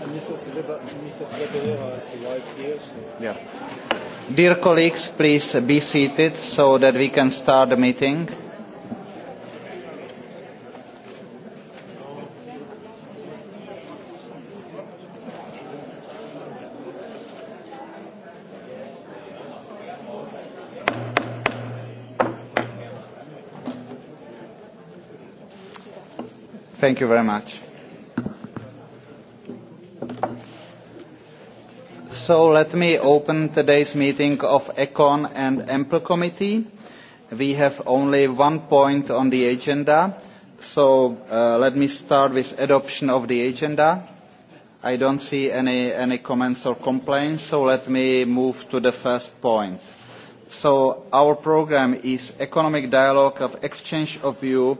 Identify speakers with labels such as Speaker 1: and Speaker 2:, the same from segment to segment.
Speaker 1: And Mr. Sleba, Mr. Sleba has here, so...
Speaker 2: Yeah. Dear colleagues, please be seated so that we can start the meeting. Thank you very much. So let me open today's meeting of Econ and Ample Committee. We have only one point on the agenda, so uh, let me start with adoption of the agenda. I don't see any, any comments or complaints, so let me move to the first point. So our program is economic dialogue of exchange of view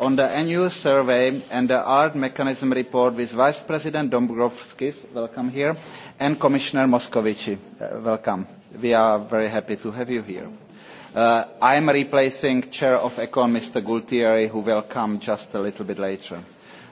Speaker 2: on the annual survey and the art mechanism report with vice president dombrovskis welcome here and commissioner moscovici uh, welcome we are very happy to have you here uh, i am replacing chair of econ mr gualtieri who will come just a little bit later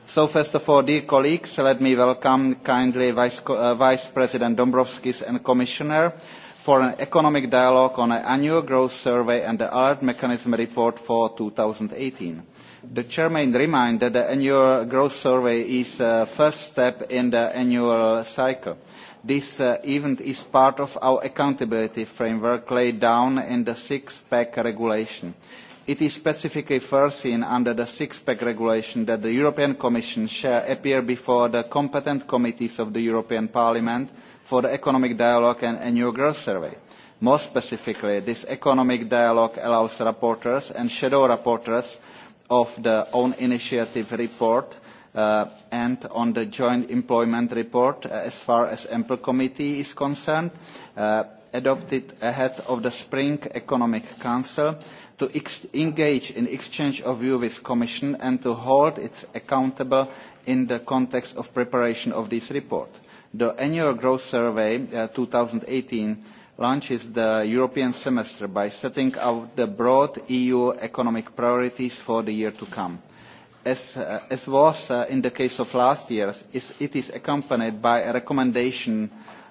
Speaker 2: so first of all dear colleagues let me welcome kindly vice, uh, vice president dombrovskis and commissioner for an economic dialogue on an annual growth survey and the art mechanism report for 2018 thousand The chairman reminded that the annual growth survey is the uh, first step in the annual cycle. This uh, event is part of our accountability framework laid down in the six-pack regulation. It is specifically foreseen under the six-pack regulation that the European Commission shall appear before the competent committees of the European Parliament for the economic dialogue and annual growth survey. More specifically, this economic dialogue allows rapporteurs and shadow rapporteurs of the own initiative report uh, and on the joint employment report uh, as far as ample committee is concerned uh, adopted ahead of the spring economic council to engage in exchange of views with the commission and to hold it accountable in the context of preparation of this report. the annual growth survey uh, 2018 eighteen launches the European semester by setting out the broad EU economic priorities for the year to come. As, uh, was uh, in the case of last year, it is accompanied by a recommendation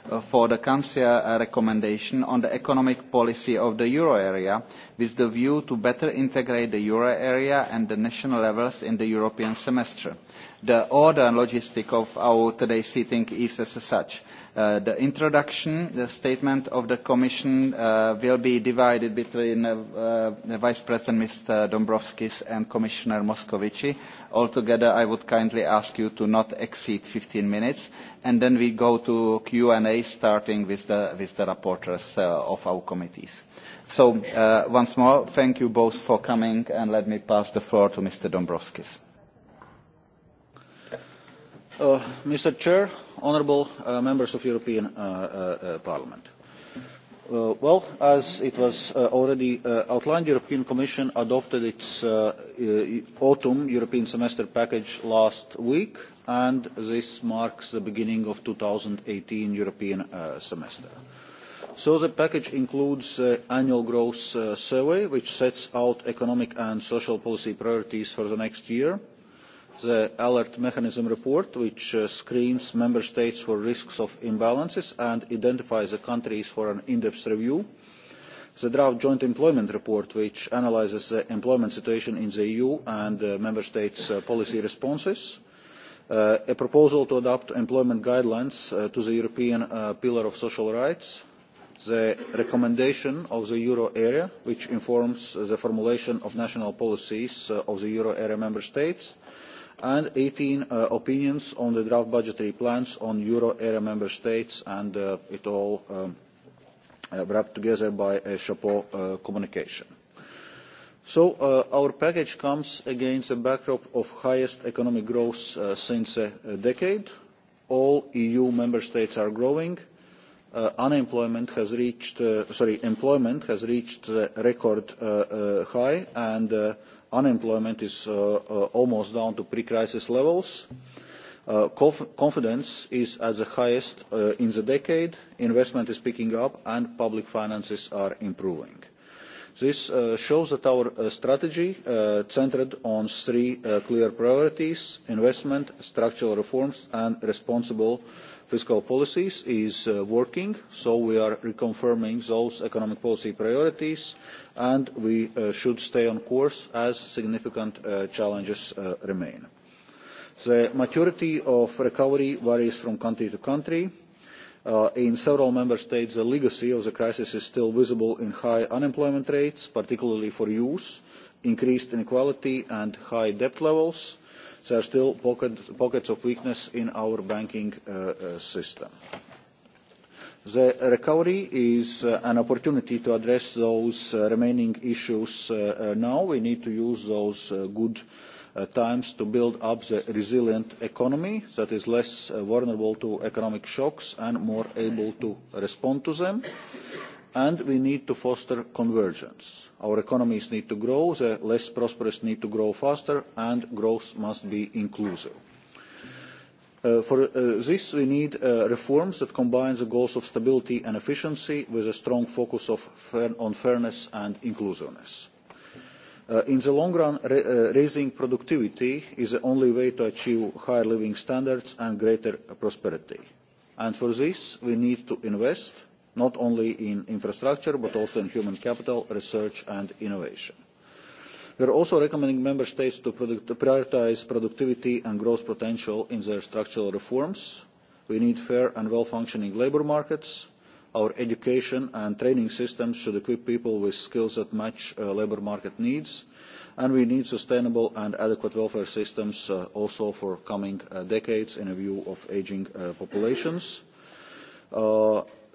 Speaker 2: uh, for the Council recommendation on the economic policy of the euro area with the view to better integrate the euro area and the national levels in the European semester The order and logistic of our today's sitting is as such. Uh, the introduction, the statement of the Commission uh, will be divided between uh, uh Vice President Mr. Dombrovskis and Commissioner Moscovici. Altogether, I would kindly ask you to not exceed fifteen minutes, and then we go to Q&A, starting with the, with the rapporteurs uh, of our committees. So uh, once more, thank you both for coming, and let me pass the floor to Mr. Dombrovskis.
Speaker 3: Uh, Mr. Chair, honourable uh, members of European uh, uh, uh Parliament. well, as it was already outlined, the European Commission adopted its autumn European semester package last week, and this marks the beginning of the eighteen European semester. So the package includes the annual growth survey, which sets out economic and social policy priorities for the next year, the alert mechanism report which uh, screens member states for risks of imbalances and identifies the countries for an in-depth review the draft joint employment report which analyses the employment situation in the eu and uh, member states' uh, policy responses uh, a proposal to adopt employment guidelines uh, to the european uh, pillar of social rights the recommendation of the euro area which informs the formulation of national policies of the euro area member states and eighteen uh, opinions on the draft budgetary plans on euro area member states, and uh, it all um, uh, wrapped together by a chapeau uh, communication. So uh, our package comes against a backdrop of highest economic growth uh, since a, decade. All EU member states are growing. unemployment has reached, sorry, employment has reached a record high, and unemployment is uh, uh, almost down to pre-crisis levels. Uh, conf confidence is at the highest in the decade, investment is picking up, and public finances are improving. This uh, shows that our uh, strategy, uh, centered on three clear priorities: investment, structural reforms, and responsible fiscal policies is uh, working, so we are reconfirming those economic policy priorities, and we uh, should stay on course as significant uh, challenges uh, remain. The maturity of recovery varies from country to country. Uh, in several member states, the legacy of the crisis is still visible in high unemployment rates, particularly for youth, increased inequality, and high debt levels there are still pockets of weakness in our banking uh, uh, system. The recovery is uh, an opportunity to address those uh, remaining issues uh, uh now. We need to use those good times to build up the resilient economy that is less vulnerable to economic shocks and more able to respond to them. And we need to foster convergence Our economies need to grow, the less prosperous need to grow faster, and growth must be inclusive. Uh, for uh, this, we need uh, reforms that combine the goals of stability and efficiency with a strong focus fair on fairness and inclusiveness. Uh, in the long run, uh, raising productivity is the only way to achieve higher living standards and greater prosperity. And for this, we need to invest not only in infrastructure, but also in human capital, research and innovation. We are also recommending member states to, prioritise productivity and growth potential in their structural reforms. We need fair and well-functioning labour markets. Our education and training systems should equip people with skills that match uh, labour market needs. And we need sustainable and adequate welfare systems uh, also for coming uh, decades in view of ageing populations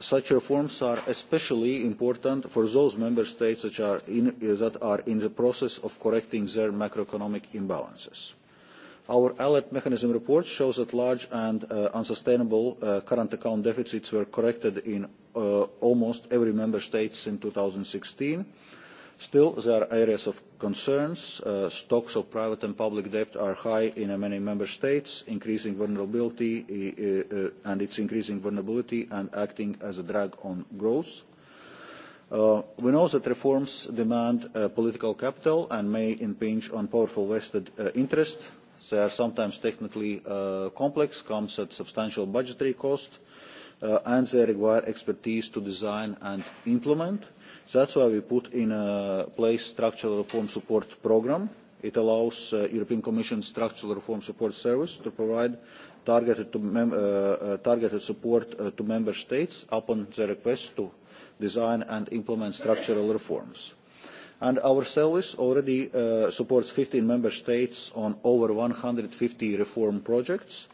Speaker 3: such reforms are especially important for those member states are in, that are in the process of correcting their macroeconomic imbalances. Our alert mechanism report shows that large and uh, unsustainable uh, current account deficits were corrected in uh, almost every member state in sixteen Still, there are areas of concerns. Uh, stocks of private and public debt are high in many member states, increasing vulnerability, uh, uh, and it's increasing vulnerability and acting as a drag on growth. Uh, we know that reforms demand uh, political capital and may impinge on powerful vested uh, interests. They are sometimes technically uh, complex, come at substantial budgetary cost, uh, and they require expertise to design and implement That's why we put in place structural reform support programme. It allows the uh, European Commission Structural Reform Support Service to provide targeted, to mem uh, uh, targeted support to member states upon the request to design and implement structural reforms and our service already uh, supports fifteen member states on over one hundred and fifty reform projects.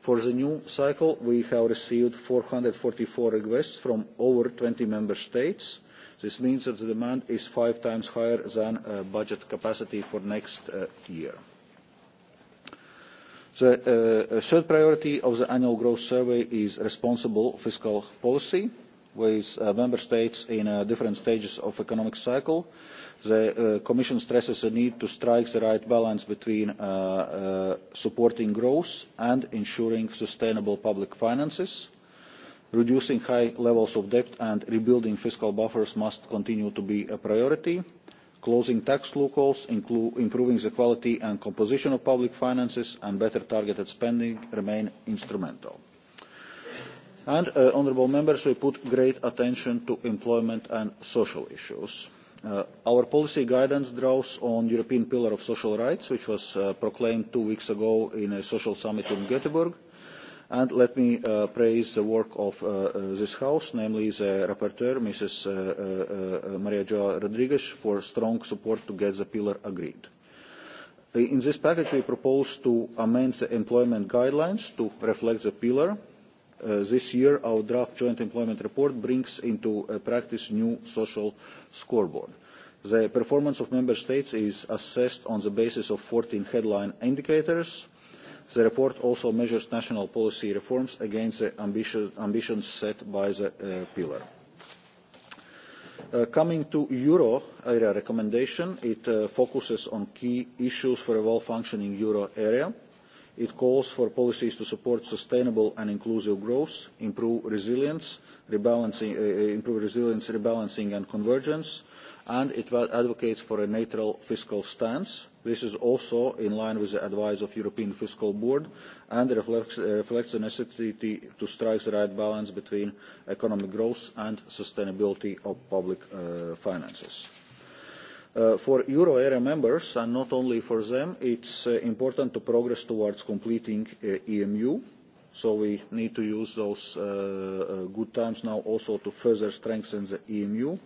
Speaker 3: For the new cycle, we have received four hundred and forty four requests from over twenty member states This means that the demand is five times higher than uh, budget capacity for next uh, year. The uh, third priority of the annual growth survey is responsible fiscal policy, with member states in different stages of the economic cycle. The Commission stresses the need to strike the right balance between supporting growth and ensuring sustainable public finances. Reducing high levels of debt and rebuilding fiscal buffers must continue to be a priority. Closing tax loopholes, improving the quality and composition of public finances, and better targeted spending remain instrumental. Uh, honourable members, we put great attention to employment and social issues. Uh, our policy guidance draws on the European Pillar of Social Rights, which was uh, proclaimed two weeks ago in a social summit in Göteborg And let me uh, praise the work of uh, uh this House, namely the rapporteur, Mrs. Uh, uh, uh, Maria Joa Rodriguez, for strong support to get the pillar agreed. In this package, we propose to amend the employment guidelines to reflect the pillar. this year, our draft joint employment report brings into practice new social scoreboard. The performance of member states is assessed on the basis of fourteen headline indicators, The report also measures national policy reforms against the ambition, ambitions set by the uh, pillar. Uh, coming to euro area recommendation, it uh, focuses on key issues for a well-functioning euro area. It calls for policies to support sustainable and inclusive growth, improve resilience, rebalancing, uh, uh improve resilience, rebalancing and convergence, and it advocates for a neutral fiscal stance. This is also in line with the advice of the European Fiscal Board and reflects, uh, reflects the necessity to strike the right balance between economic growth and sustainability of public uh, finances. Uh, for euro area members, and not only for them, it's uh, important to progress towards completing uh, EMU. So we need to use those uh, good times now also to further strengthen the EMU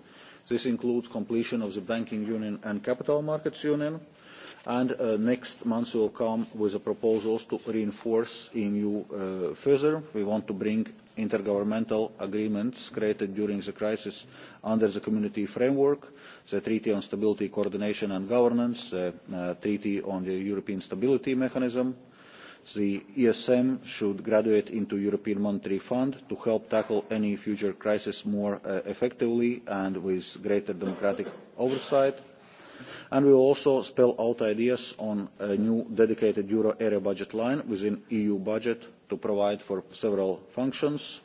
Speaker 3: This includes completion of the Banking Union and Capital Markets Union. And uh, next month we will come with the proposals to reinforce EMU uh, further. We want to bring intergovernmental agreements created during the crisis under the community framework, the Treaty on Stability, Coordination and Governance, the uh, Treaty on the European Stability Mechanism, uh, The ESM should graduate into European Monetary Fund to help tackle any future crisis more uh, effectively and with greater democratic oversight. And we will also spell out ideas on a new dedicated euro area budget line within EU budget to provide for several functions.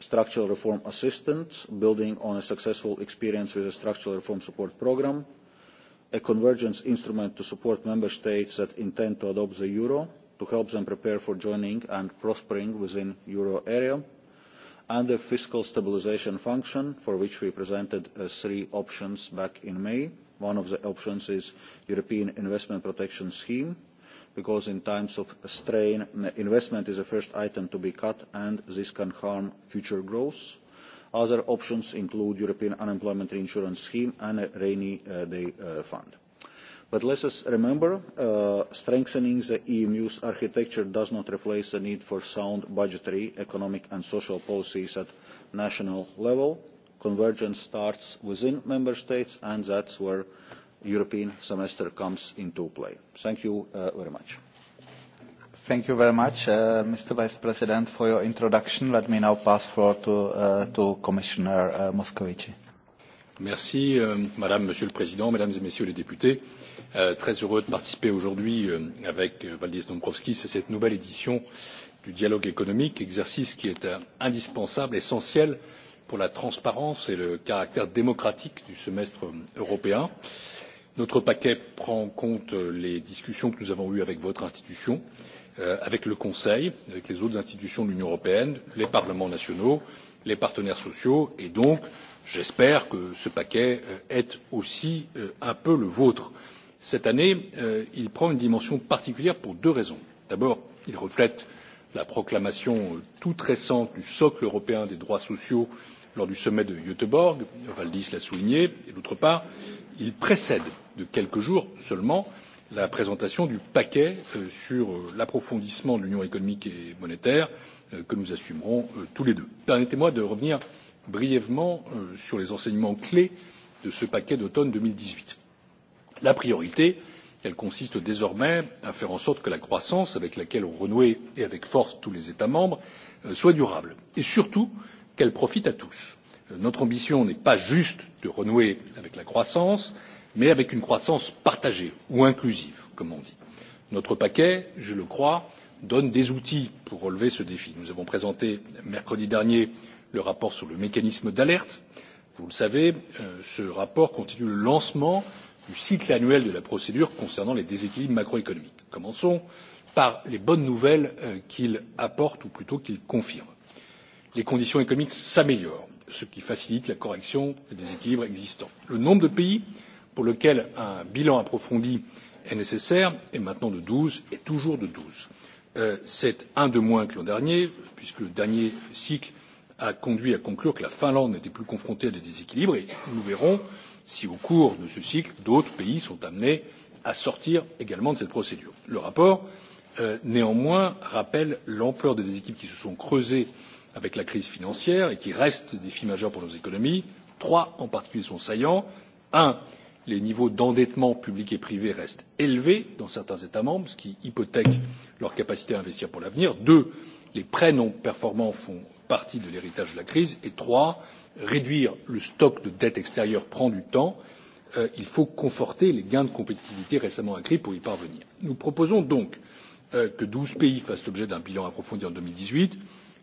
Speaker 3: Structural reform assistance, building on a successful experience with the structural reform support programme, a convergence instrument to support member states that intend to adopt the euro, to help them prepare for joining and prospering within the euro area, and the fiscal stabilisation function, for which we presented uh, three options back in May. One of the options is the European Investment Protection Scheme, because in times of strain, investment is the first item to be cut, and this can harm future growth. Other options include the European Unemployment Insurance Scheme and a rainy uh, day uh, fund. But let us remember, uh, strengthening the EMU's architecture does not replace the need for sound budgetary, economic and social policies at national level. Convergence starts within member states and that's where European semester comes into play.
Speaker 2: Thank you uh, very much. Thank you very much, uh, Mr. Vice President, for your introduction. Let me now pass floor to, uh, to Commissioner uh, Moscovici.
Speaker 4: Merci, euh, Madame, Monsieur le Président, Mesdames et Messieurs les députés. Euh, Euh, très heureux de participer aujourd'hui euh, avec euh, valdis dombrovskis à cette nouvelle édition du dialogue économique exercice qui est indispensable essentiel pour la transparence et le caractère démocratique du semestre européen. notre paquet prend en compte les discussions que nous avons eues avec votre institution avec le conseil avec les autres institutions de l'union européenne les parlements nationaux les partenaires sociaux et donc j'espère que ce paquet est aussi un peu le vôtre cette année euh, il prend une dimension particulière pour deux raisons d'abord il reflète la proclamation euh, toute récente du socle européen des droits sociaux lors du sommet de gteborg valdis l'a souligné et d'autre part il précède de quelques jours seulement la présentation du paquet euh, sur l'approfondissement de l'union économique et monétaire que nous assumerons tous les deux. permettez moi de revenir brièvement sur les enseignements clés de ce paquet d'automne deux mille dix huit la priorité consiste désormais à faire en sorte que la croissance avec laquelle ont renoué et avec force tous les états membres euh, soit durable et surtout qu'elle profite à tous. Euh, notre ambition n'est pas juste de renouer avec la croissance mais avec une croissance partagée ou inclusive comme on dit. notre paquet je le crois donne des outils pour relever ce défi. nous avons présenté mercredi dernier le rapport sur le mécanisme d'alerte. vous le savez euh, ce rapport constitue le lancement du cycle annuel de la procédure concernant les déséquilibres macroéconomiques. commençons par les bonnes nouvelles euh, qu'il apporte ou plutôt qu'il confirme les conditions économiques s'améliorent ce qui facilite la correction des déséquilibres existants. le nombre de pays pour lesquels un bilan approfondi est nécessaire est maintenant de douze et toujours de douze euh, c'est un de moins que l'an dernier puisque le dernier cycle a conduit à conclure que la finlande n'était plus confrontée à des déséquilibres et nous verrons si au cours de ce cycle d'autres pays sont amenés à sortir également de cette procédure. le rapport euh, néanmoins rappelle l'ampleur des déséquilibres qui se sont creusés avec la crise financière et qui restent des défis majeurs pour nos économies. trois en particulier sont saillants un les niveaux d'endettement public et privé restent élevés dans certains états membres ce qui hypothèque leur capacité à investir pour l'avenir. deux les prêts non performants font partie de l'héritage de la crise et trois réduire le stock de dette extérieure prend du temps euh, il faut conforter les gains de compétitivité récemment acquis pour y parvenir. nous proposons donc euh, que douze pays fassent l'objet d'un bilan approfondi en deux mille dix huit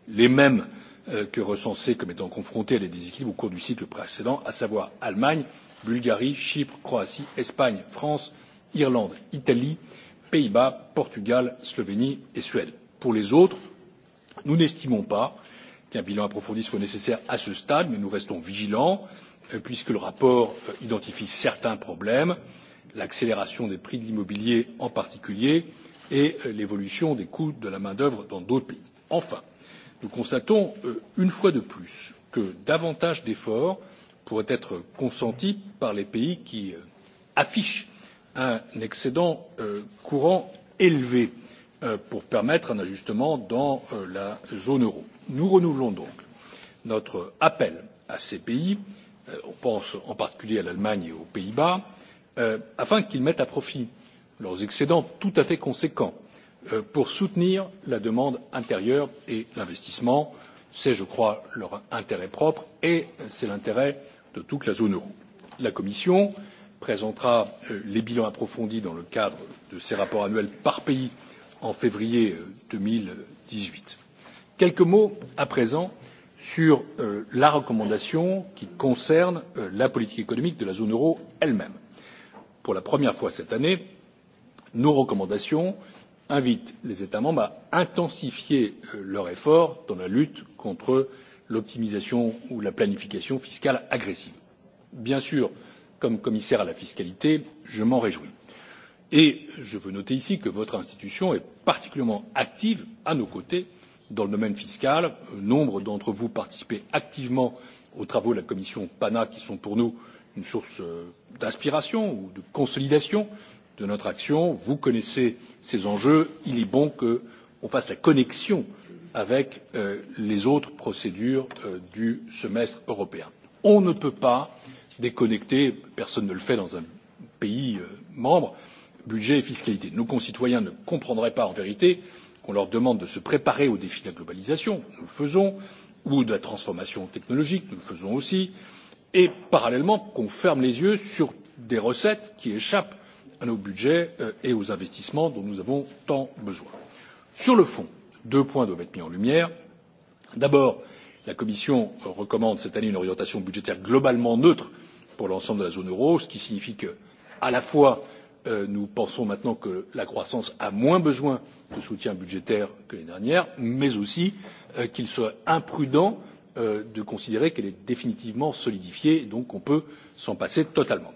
Speaker 4: les mêmes euh, que recensés comme étant confrontés à des déséquilibres au cours du cycle précédent à savoir allemagne bulgarie chypre croatie espagne france irlande italie pays bas portugal slovénie et suède. pour les autres nous n'estimons qu'un bilan approfondi soit nécessaire à ce stade mais nous restons vigilants euh, puisque le rapport euh, identifie certains problèmes l'accélération des prix de l'immobilier en particulier et euh, l'évolution des coûts de la main d'œuvre dans d'autres pays. enfin nous constatons une fois de plus que davantage d'efforts pourraient être consentis par les pays qui affichent un excédent courant élevé pour permettre un ajustement dans la zone euro nous renouvelons donc notre appel à ces pays euh, on pense en particulier à l'allemagne et aux pays bas euh, afin qu'ils mettent à profit leurs excédents tout à fait conséquents euh, pour soutenir la demande intérieure et l'investissement c'est je crois leur intérêt propre et c'est l'intérêt de toute la zone euro. la commission présentera les bilans approfondis dans le cadre de ses rapports annuels par pays en février deux mille dix huit quelques mots à présent sur euh, la recommandation qui concerne euh, la politique économique de la zone euro elle même. pour la première fois cette année nos recommandations invitent les états membres à intensifier euh, leurs efforts dans la lutte contre l'optimisation ou la planification fiscale agressive. bien sûr comme commissaire à la fiscalité je m'en réjouis et je veux noter ici que votre institution est particulièrement active à nos côtés dans le domaine fiscal euh, nombre d'entre vous participez activement aux travaux de la commission pana qui sont pour nous une source euh, d'inspiration ou de consolidation de notre action vous connaissez ces enjeux il est bon que nous fassions la connexion avec euh, les autres procédures du semestre européen. on ne peut pas déconnecter personne ne le fait dans un pays membre budget et fiscalité. nos concitoyens ne comprendraient pas en vérité qu'on leur demande de se préparer aux défis de la globalisation nous le faisons ou de la transformation technologique nous le faisons aussi et parallèlement qu'on ferme les yeux sur des recettes qui échappent à nos budgets euh, et aux investissements dont nous avons tant besoin. sur le fond deux points doivent être mis en lumière d'abord la commission recommande cette année une orientation budgétaire globalement neutre pour l'ensemble de la zone euro ce qui signifie que à la fois Euh, nous pensons maintenant que la croissance a moins besoin de soutien budgétaire que l'année dernière mais aussi euh, qu'il serait imprudent euh, de considérer qu'elle est définitivement solidifiée et donc qu'on peut s'en passer totalement.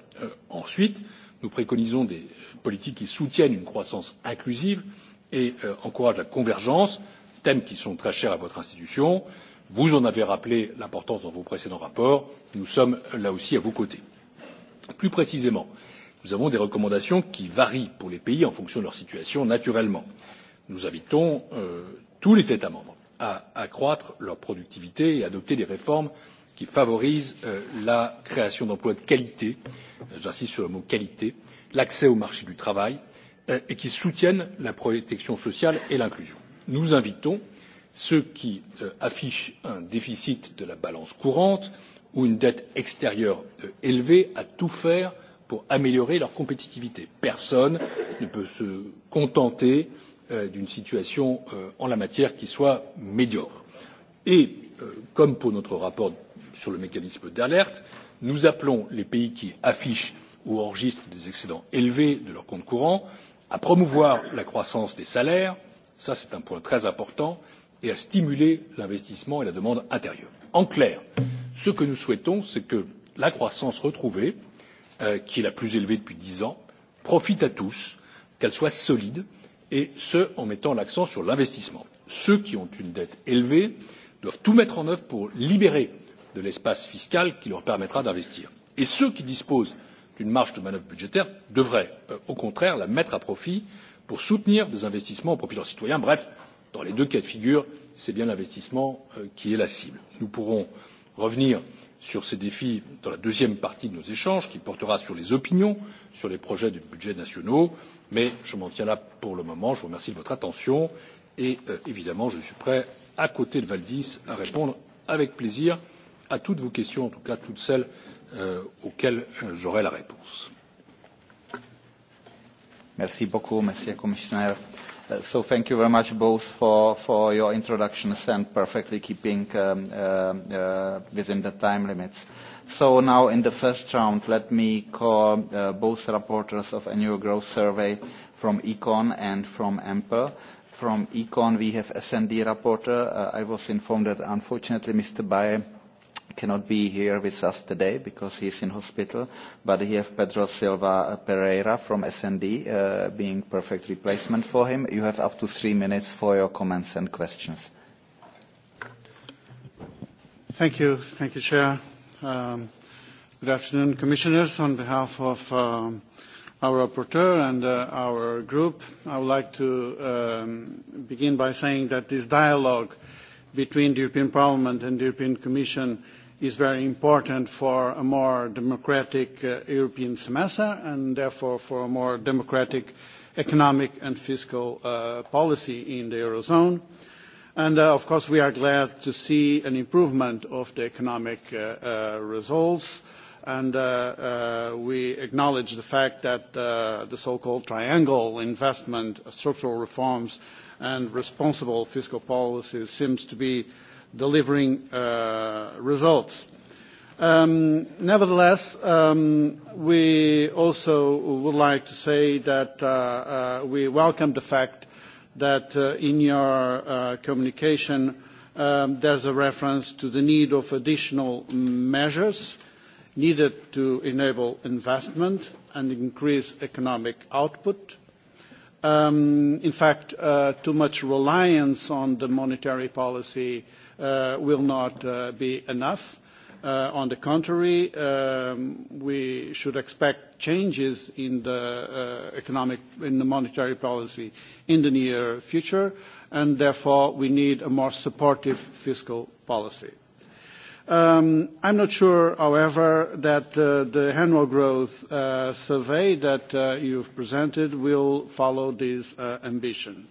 Speaker 4: ensuite nous préconisons des politiques qui soutiennent une croissance inclusive et encouragent la convergence thèmes qui sont très chers à votre institution. vous en avez rappelé l'importance dans vos précédents rapports nous sommes là aussi à vos côtés. plus précisément nous avons des recommandations qui varient pour les pays en fonction de leur situation naturellement. nous invitons euh, tous les états membres à accroître leur productivité et à adopter des réformes qui favorisent euh, la création d'emplois de qualité j'insiste sur le mot qualité l'accès au marché du travail euh, et qui soutiennent la protection sociale et l'inclusion. nous invitons ceux qui affichent un déficit de la balance courante ou une dette extérieure élevée à tout faire pour améliorer leur compétitivité. personne ne peut se contenter euh, d'une situation euh, en la matière qui soit médiocre. et euh, comme pour notre rapport sur le mécanisme d'alerte nous appelons les pays qui affichent ou enregistrent des excédents élevés de leur compte courant à promouvoir la croissance des salaires c'est un point très important et à stimuler l'investissement et la demande intérieure. en clair ce que nous souhaitons c'est que la croissance retrouvée Euh, qui est la plus élevée depuis dix ans profite à tous qu'elle soit solide et ce en mettant l'accent sur l'investissement. ceux qui ont une dette élevée doivent tout mettre en œuvre pour libérer de l'espace fiscal qui leur permettra d'investir et ceux qui disposent d'une marge de manœuvre budgétaire devraient euh, au contraire la mettre à profit pour soutenir des investissements au profit de leurs citoyens. bref dans les deux cas de figure c'est bien l'investissement euh, qui est la cible. nous pourrons revenir sur ces défis dans la deuxième partie de nos échanges qui portera sur les opinions sur les projets de budgets nationaux mais je m'en tiens là pour le moment. je vous remercie de votre attention et euh, évidemment je suis prêt à côté de valdis à répondre avec plaisir à toutes vos questions en tout cas à toutes celles euh, auxquelles euh, j'aurai la réponse
Speaker 2: so thank you very much both for, for your introductions and perfectly keeping um, uh, uh, within the time limits. So now in the first round, let me call uh, both rapporteurs of annual growth survey from Econ and from EMPER. From Econ, we have SND reporter. Uh, I was informed that unfortunately Mr. Bayer cannot be here with us today because he is in hospital, but we have Pedro Silva Pereira from SND uh, being perfect replacement for him. You have up to three minutes for your comments and questions.
Speaker 5: Thank you. Thank you, Chair. Um, good afternoon, Commissioners. On behalf of um, our rapporteur and uh, our group, I would like to um, begin by saying that this dialogue between the European Parliament and the European Commission is very important for a more democratic uh, European semester and therefore for a more democratic economic and fiscal uh, policy in the Eurozone. And uh, of course, we are glad to see an improvement of the economic uh, uh, results. And uh, we acknowledge the fact that the so-called triangle investment, structural reforms, and responsible fiscal policies seems to be delivering uh, results. Um, nevertheless, um, we also would like to say that uh, uh, we welcome the fact that in your communication, um, there's a reference to the need of additional measures needed to enable investment and increase economic output. in fact, too much reliance on the monetary policy Uh, will not uh, be enough. Uh, on the contrary, um, we should expect changes in the economic, in the monetary policy in the near future, and therefore we need a more supportive fiscal policy. Um, I'm not sure, however, that the annual growth survey that you've presented will follow this ambition.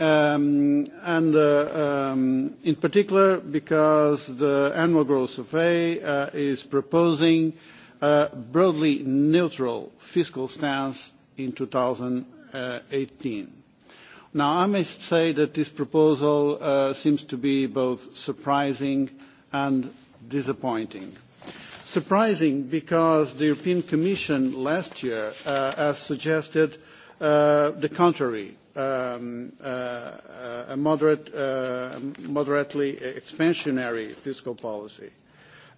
Speaker 5: Um, and uh, um, in particular because the annual growth survey uh, is proposing a broadly neutral fiscal stance in 2018. Now, I must say that this proposal uh, seems to be both surprising and disappointing. Surprising because the European Commission last year has suggested the contrary, Um, uh, a moderate, uh, moderately expansionary fiscal policy.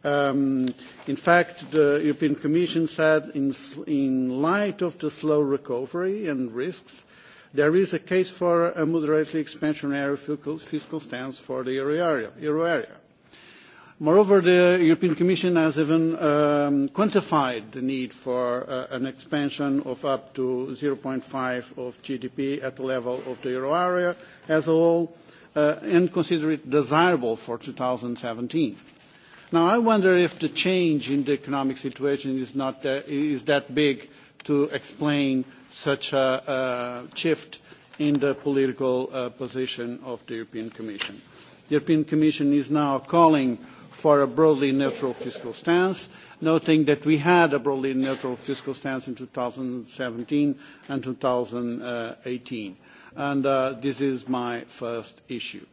Speaker 5: Um, in fact, the European Commission said in, light of the slow recovery and risks, there is a case for a moderately expansionary fiscal, stance for the Euro area. Moreover, the European Commission has even um, quantified the need for uh, an expansion of up to 0.5 of GDP at the level of the euro area as a whole, uh, and consider it desirable for 2017. Now, I wonder if the change in the economic situation is not that, is that big to explain such a, a shift in the political uh, position of the European Commission. The European Commission is now calling for a broadly neutral fiscal stance, noting that we had a broadly neutral fiscal stance in 2017 and 2018. And uh, this is my first issue.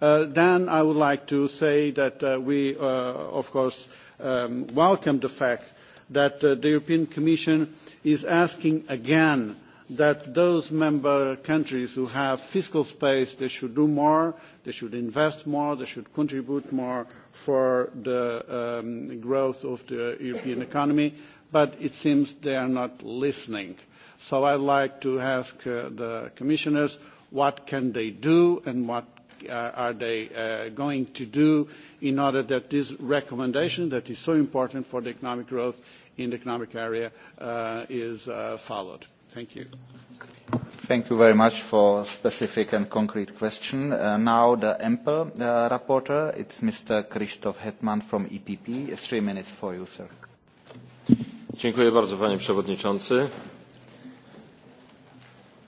Speaker 5: Uh, then I would like to say that uh, we, uh, of course, um, welcome the fact that uh, the European Commission is asking again that those member countries who have fiscal space, they should do more, they should invest more, they should contribute more for the um, growth of the European economy, but it seems they are not listening. So I'd like to ask uh, the commissioners what can they do and what uh, are they uh, going to do in order that this recommendation that is so important for the economic growth in the economic area is followed. Thank you.
Speaker 2: Thank you very much for specific and concrete question. Uh, now the uh, rapporteur, it's Mr. Krzysztof Hetman from EPP. Three minutes for you, sir.
Speaker 6: Dziękuję bardzo, panie przewodniczący.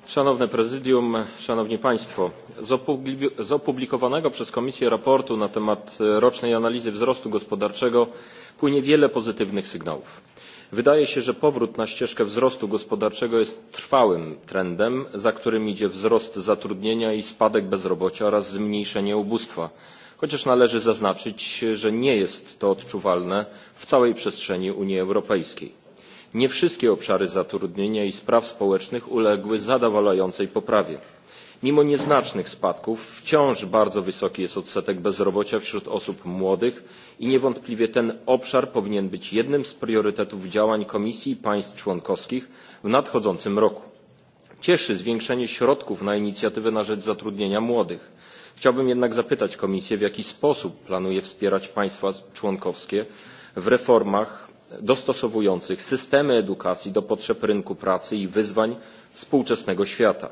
Speaker 6: Szanowne prezydium, szanowni państwo, z opublikowanego przez Komisję raportu na temat rocznej analizy wzrostu gospodarczego płynie wiele pozytywnych sygnałów wydaje się że powrót na ścieżkę wzrostu gospodarczego jest trwałym trendem za którym idzie wzrost zatrudnienia i spadek bezrobocia oraz zmniejszenie ubóstwa chociaż należy zaznaczyć że nie jest to odczuwalne w całej przestrzeni unii europejskiej. nie wszystkie obszary zatrudnienia i spraw społecznych uległy zadowalającej poprawie mimo nieznacznych spadków wciąż bardzo wysoki jest odsetek bezrobocia wśród osób młodych i niewątpliwie ten obszar powinien być jednym z priorytetów działań komisji i państw członkowskich w nadchodzącym roku. cieszy zwiększenie środków na inicjatywę na rzecz zatrudnienia młodych. chciałbym jednak zapytać komisję w jaki sposób planuje wspierać państwa członkowskie w reformach dostosowujących systemy edukacji do potrzeb rynku pracy i wyzwań współczesnego świata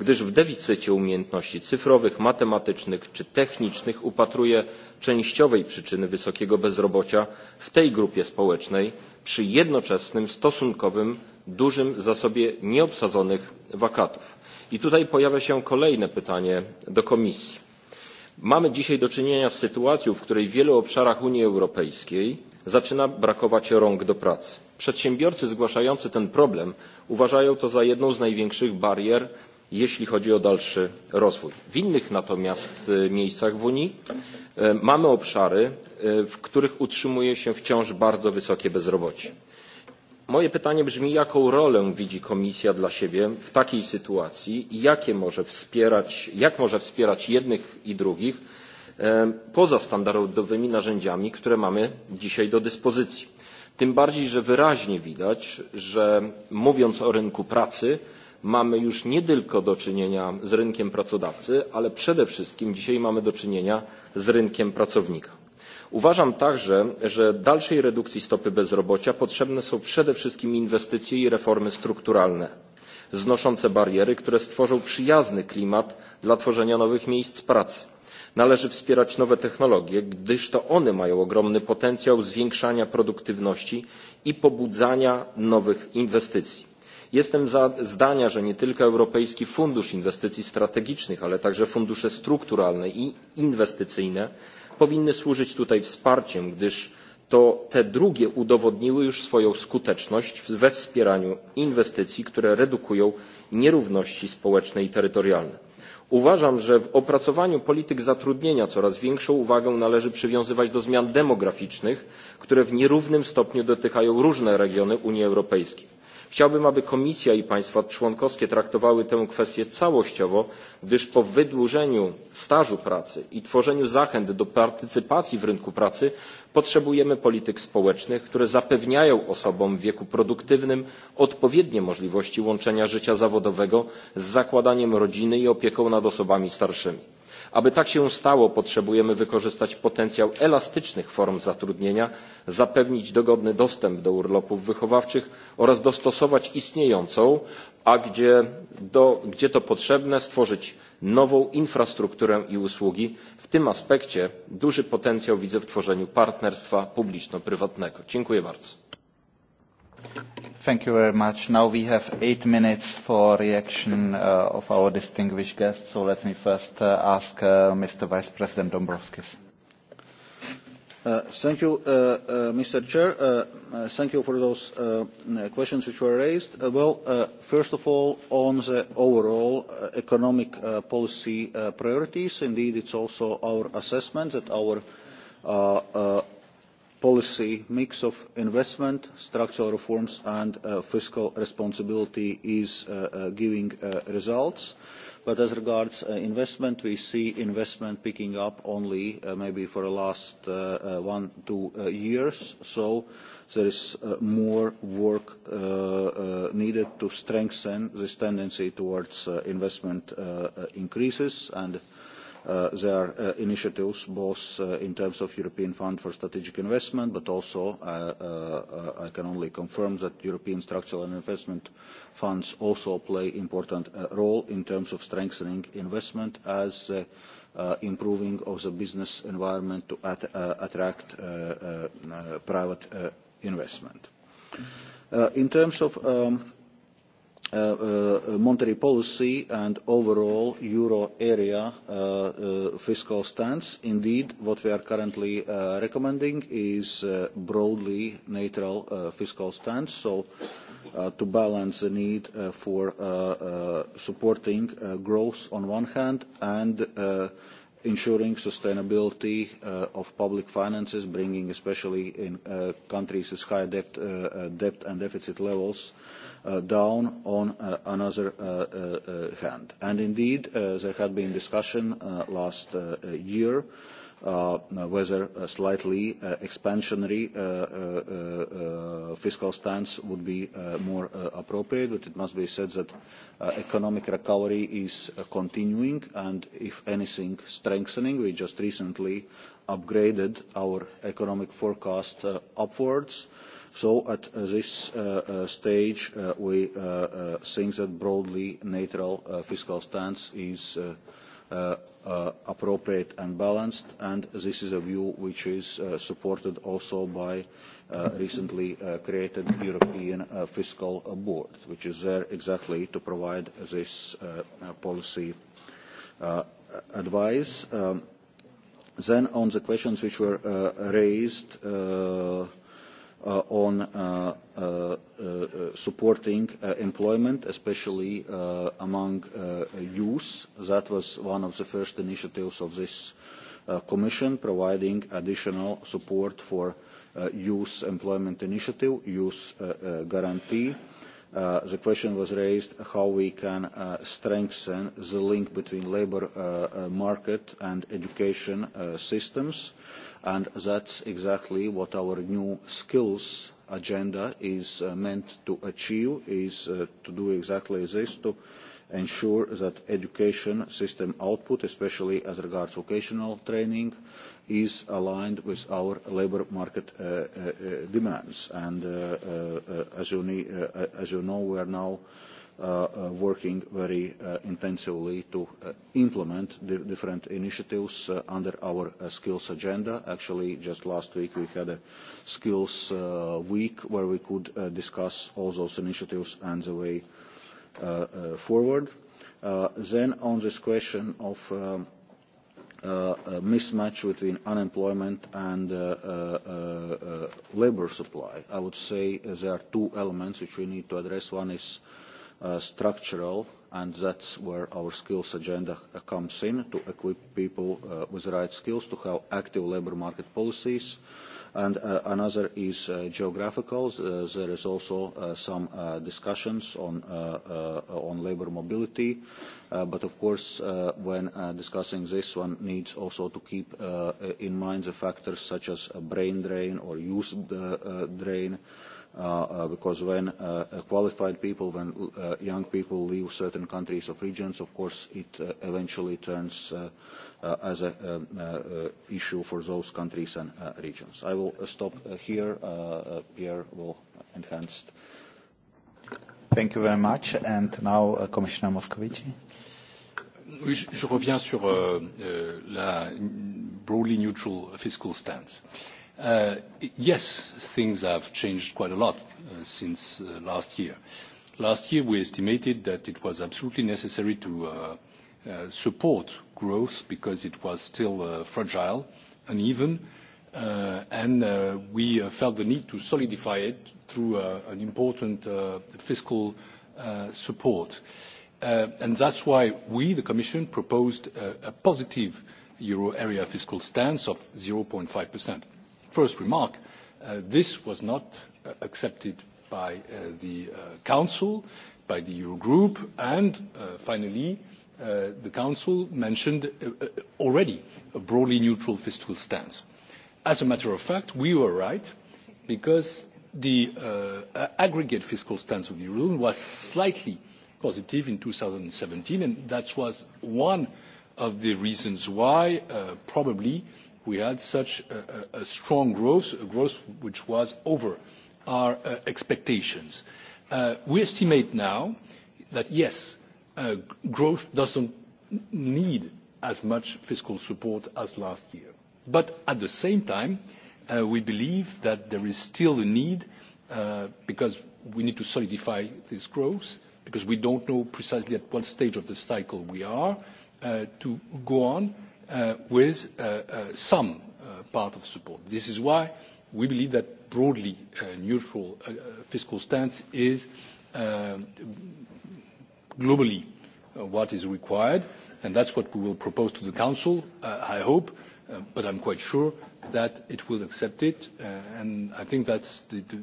Speaker 6: gdyż w deficycie umiejętności cyfrowych, matematycznych czy technicznych upatruje częściowej przyczyny wysokiego bezrobocia w tej grupie społecznej przy jednoczesnym stosunkowym dużym zasobie nieobsadzonych wakatów. I tutaj pojawia się kolejne pytanie do Komisji. Mamy dzisiaj do czynienia z sytuacją, w której w wielu obszarach Unii Europejskiej zaczyna brakować rąk do pracy. Przedsiębiorcy zgłaszający ten problem uważają to za jedną z największych barier jeśli chodzi o dalszy rozwój. W innych natomiast e, miejscach w Unii e, mamy obszary, e, w których utrzymuje się wciąż bardzo wysokie bezrobocie. Moje pytanie brzmi, jaką rolę widzi Komisja dla siebie w takiej sytuacji i jakie może wspierać, jak może wspierać jednych i drugich poza standardowymi narzędziami, które mamy dzisiaj do dyspozycji. Tym bardziej, że wyraźnie widać, że mówiąc o rynku pracy, mamy już nie tylko do czynienia z rynkiem pracodawcy, ale przede wszystkim dzisiaj mamy do czynienia z rynkiem pracownika. Uważam także, że dalszej redukcji stopy bezrobocia potrzebne są przede wszystkim inwestycje i reformy strukturalne, znoszące bariery, które stworzą przyjazny klimat dla tworzenia nowych miejsc pracy. Należy wspierać nowe technologie, gdyż to one mają ogromny potencjał zwiększania produktywności i pobudzania nowych inwestycji. Jestem zdania, że nie tylko Europejski Fundusz Inwestycji Strategicznych, ale także fundusze strukturalne i inwestycyjne powinny służyć tutaj wsparciem, gdyż to te drugie udowodniły już swoją skuteczność we wspieraniu inwestycji, które redukują nierówności społeczne i terytorialne. Uważam, że w opracowaniu polityk zatrudnienia coraz większą uwagę należy przywiązywać do zmian demograficznych, które w nierównym stopniu dotykają różne regiony Unii Europejskiej. Chciałbym, aby Komisja i państwa członkowskie traktowały tę kwestię całościowo, gdyż po wydłużeniu stażu pracy i tworzeniu zachęt do partycypacji w rynku pracy potrzebujemy polityk społecznych, które zapewniają osobom w wieku produktywnym odpowiednie możliwości łączenia życia zawodowego z zakładaniem rodziny i opieką nad osobami starszymi aby tak się stało potrzebujemy wykorzystać potencjał elastycznych form zatrudnienia zapewnić dogodny dostęp do urlopów wychowawczych oraz dostosować istniejącą a gdzie, to potrzebne stworzyć nową infrastrukturę i usługi. w tym aspekcie duży potencjał widzę w tworzeniu partnerstwa publiczno prywatnego. dziękuję bardzo.
Speaker 2: Thank you very much. Now we have eight minutes for reaction uh, of our distinguished guests. So let me first uh, ask uh, Mr. Vice President Dombrovskis.
Speaker 3: Uh, thank you, uh, uh, Mr. Chair. Uh, uh, thank you for those uh, uh, questions which were raised. Uh, well, uh, first of all, on the overall uh, economic uh, policy uh, priorities, indeed, it's also our assessment that our uh, uh, policy mix of investment, structural reforms and uh, fiscal responsibility is uh, uh giving uh, results. But as regards uh, investment, we see investment picking up only maybe for the last one, two years. So there is more work needed to strengthen this tendency towards investment increases and Uh, their uh, initiatives, both uh, in terms of European Fund for Strategic Investment, but also I can only confirm that European structural and investment funds also play an important role in terms of strengthening investment as improving of the business environment to attract private investment. in terms of um, Uh, uh, monetary policy and overall euro area uh, fiscal stance. Indeed, what we are currently recommending is a broadly neutral fiscal stance, so to balance the need for supporting growth on one hand and ensuring sustainability of public finances, bringing especially in countries with high debt, debt and deficit levels Uh, down on uh, another uh, hand. And indeed, there had been discussion last year whether a slightly expansionary fiscal stance would be more appropriate. But it must be said that economic recovery is continuing and, if anything, strengthening. We just recently upgraded our economic forecast upwards. So At this uh, uh, stage, uh, we think that broadly neutral fiscal stance is appropriate and balanced, and this is a view which is supported also by recently created European Fiscal Board, which is there exactly to provide this policy advice. Um, then On the questions which were raised, Uh, on uh, uh, supporting employment, especially among youth. That was one of the first initiatives of this Commission, providing additional support for Youth Employment Initiative, Youth Guarantee. Uh, the question was raised how we can uh, strengthen the link between labor labour uh, market and education systems and that is exactly what our new skills agenda is uh, meant to achieve, is uh, to do exactly this, to ensure that education system output, especially as regards vocational training, is aligned with our labour market uh, demands. And as, you know, we are now Uh, uh, working very uh, intensively to uh, implement the different initiatives uh, under our skills agenda. Actually, just last week we had a skills week where we could discuss all those initiatives and the way forward. Then on this question of um, mismatch between unemployment and labour supply, I would say there are two elements which we need to address. One is Uh, structural and that's where our skills agenda uh, comes in to equip people uh, with the right skills to have active labour market policies and uh, another is uh, geographical uh, there is also some discussions on on labour mobility but of course when discussing this one needs also to keep in mind the factors such as brain drain or youth drain uh, Uh, uh, because when uh, qualified people, when uh, young people leave certain countries or regions, of course, it uh, eventually turns uh, uh, as an um, uh, uh, issue for those countries and uh, regions. I will uh, stop uh, here. Uh, uh, Pierre will
Speaker 2: enhance. Thank you very much. And now, uh, Commissioner Moscovici.
Speaker 4: Oui, je, je reviens sur euh, euh, la broadly neutral fiscal stance. Euh, Uh, yes, things have changed quite a lot uh, since uh, last year. Last year, we estimated that it was absolutely necessary to support growth because it was still fragile, uneven, and we felt the need to solidify it through an important fiscal support. And that's why we, the Commission, proposed a, a positive euro area fiscal stance of 0.5% first remark uh, this was not uh, accepted by uh, the council by the eurogroup and finally the council mentioned already a broadly neutral fiscal stance. as a matter of fact we were right because the aggregate fiscal stance of the eurozone was slightly positive in two thousand and seventeen and that was one of the reasons why probably we had such a, strong growth, a growth which was over our uh, expectations. Uh, we estimate now that, yes, uh, growth doesn't need as much fiscal support as last year. But at the same time, we believe that there is still a need, because we need to solidify this growth, because we don't know precisely at what stage of the cycle we are, to go on Uh, with uh, uh, some part of support. this is why we believe that a broadly neutral fiscal stance is um, globally what is required and that is what we will propose to the council i hope but i am quite sure that it will accept it and i think that is the, the,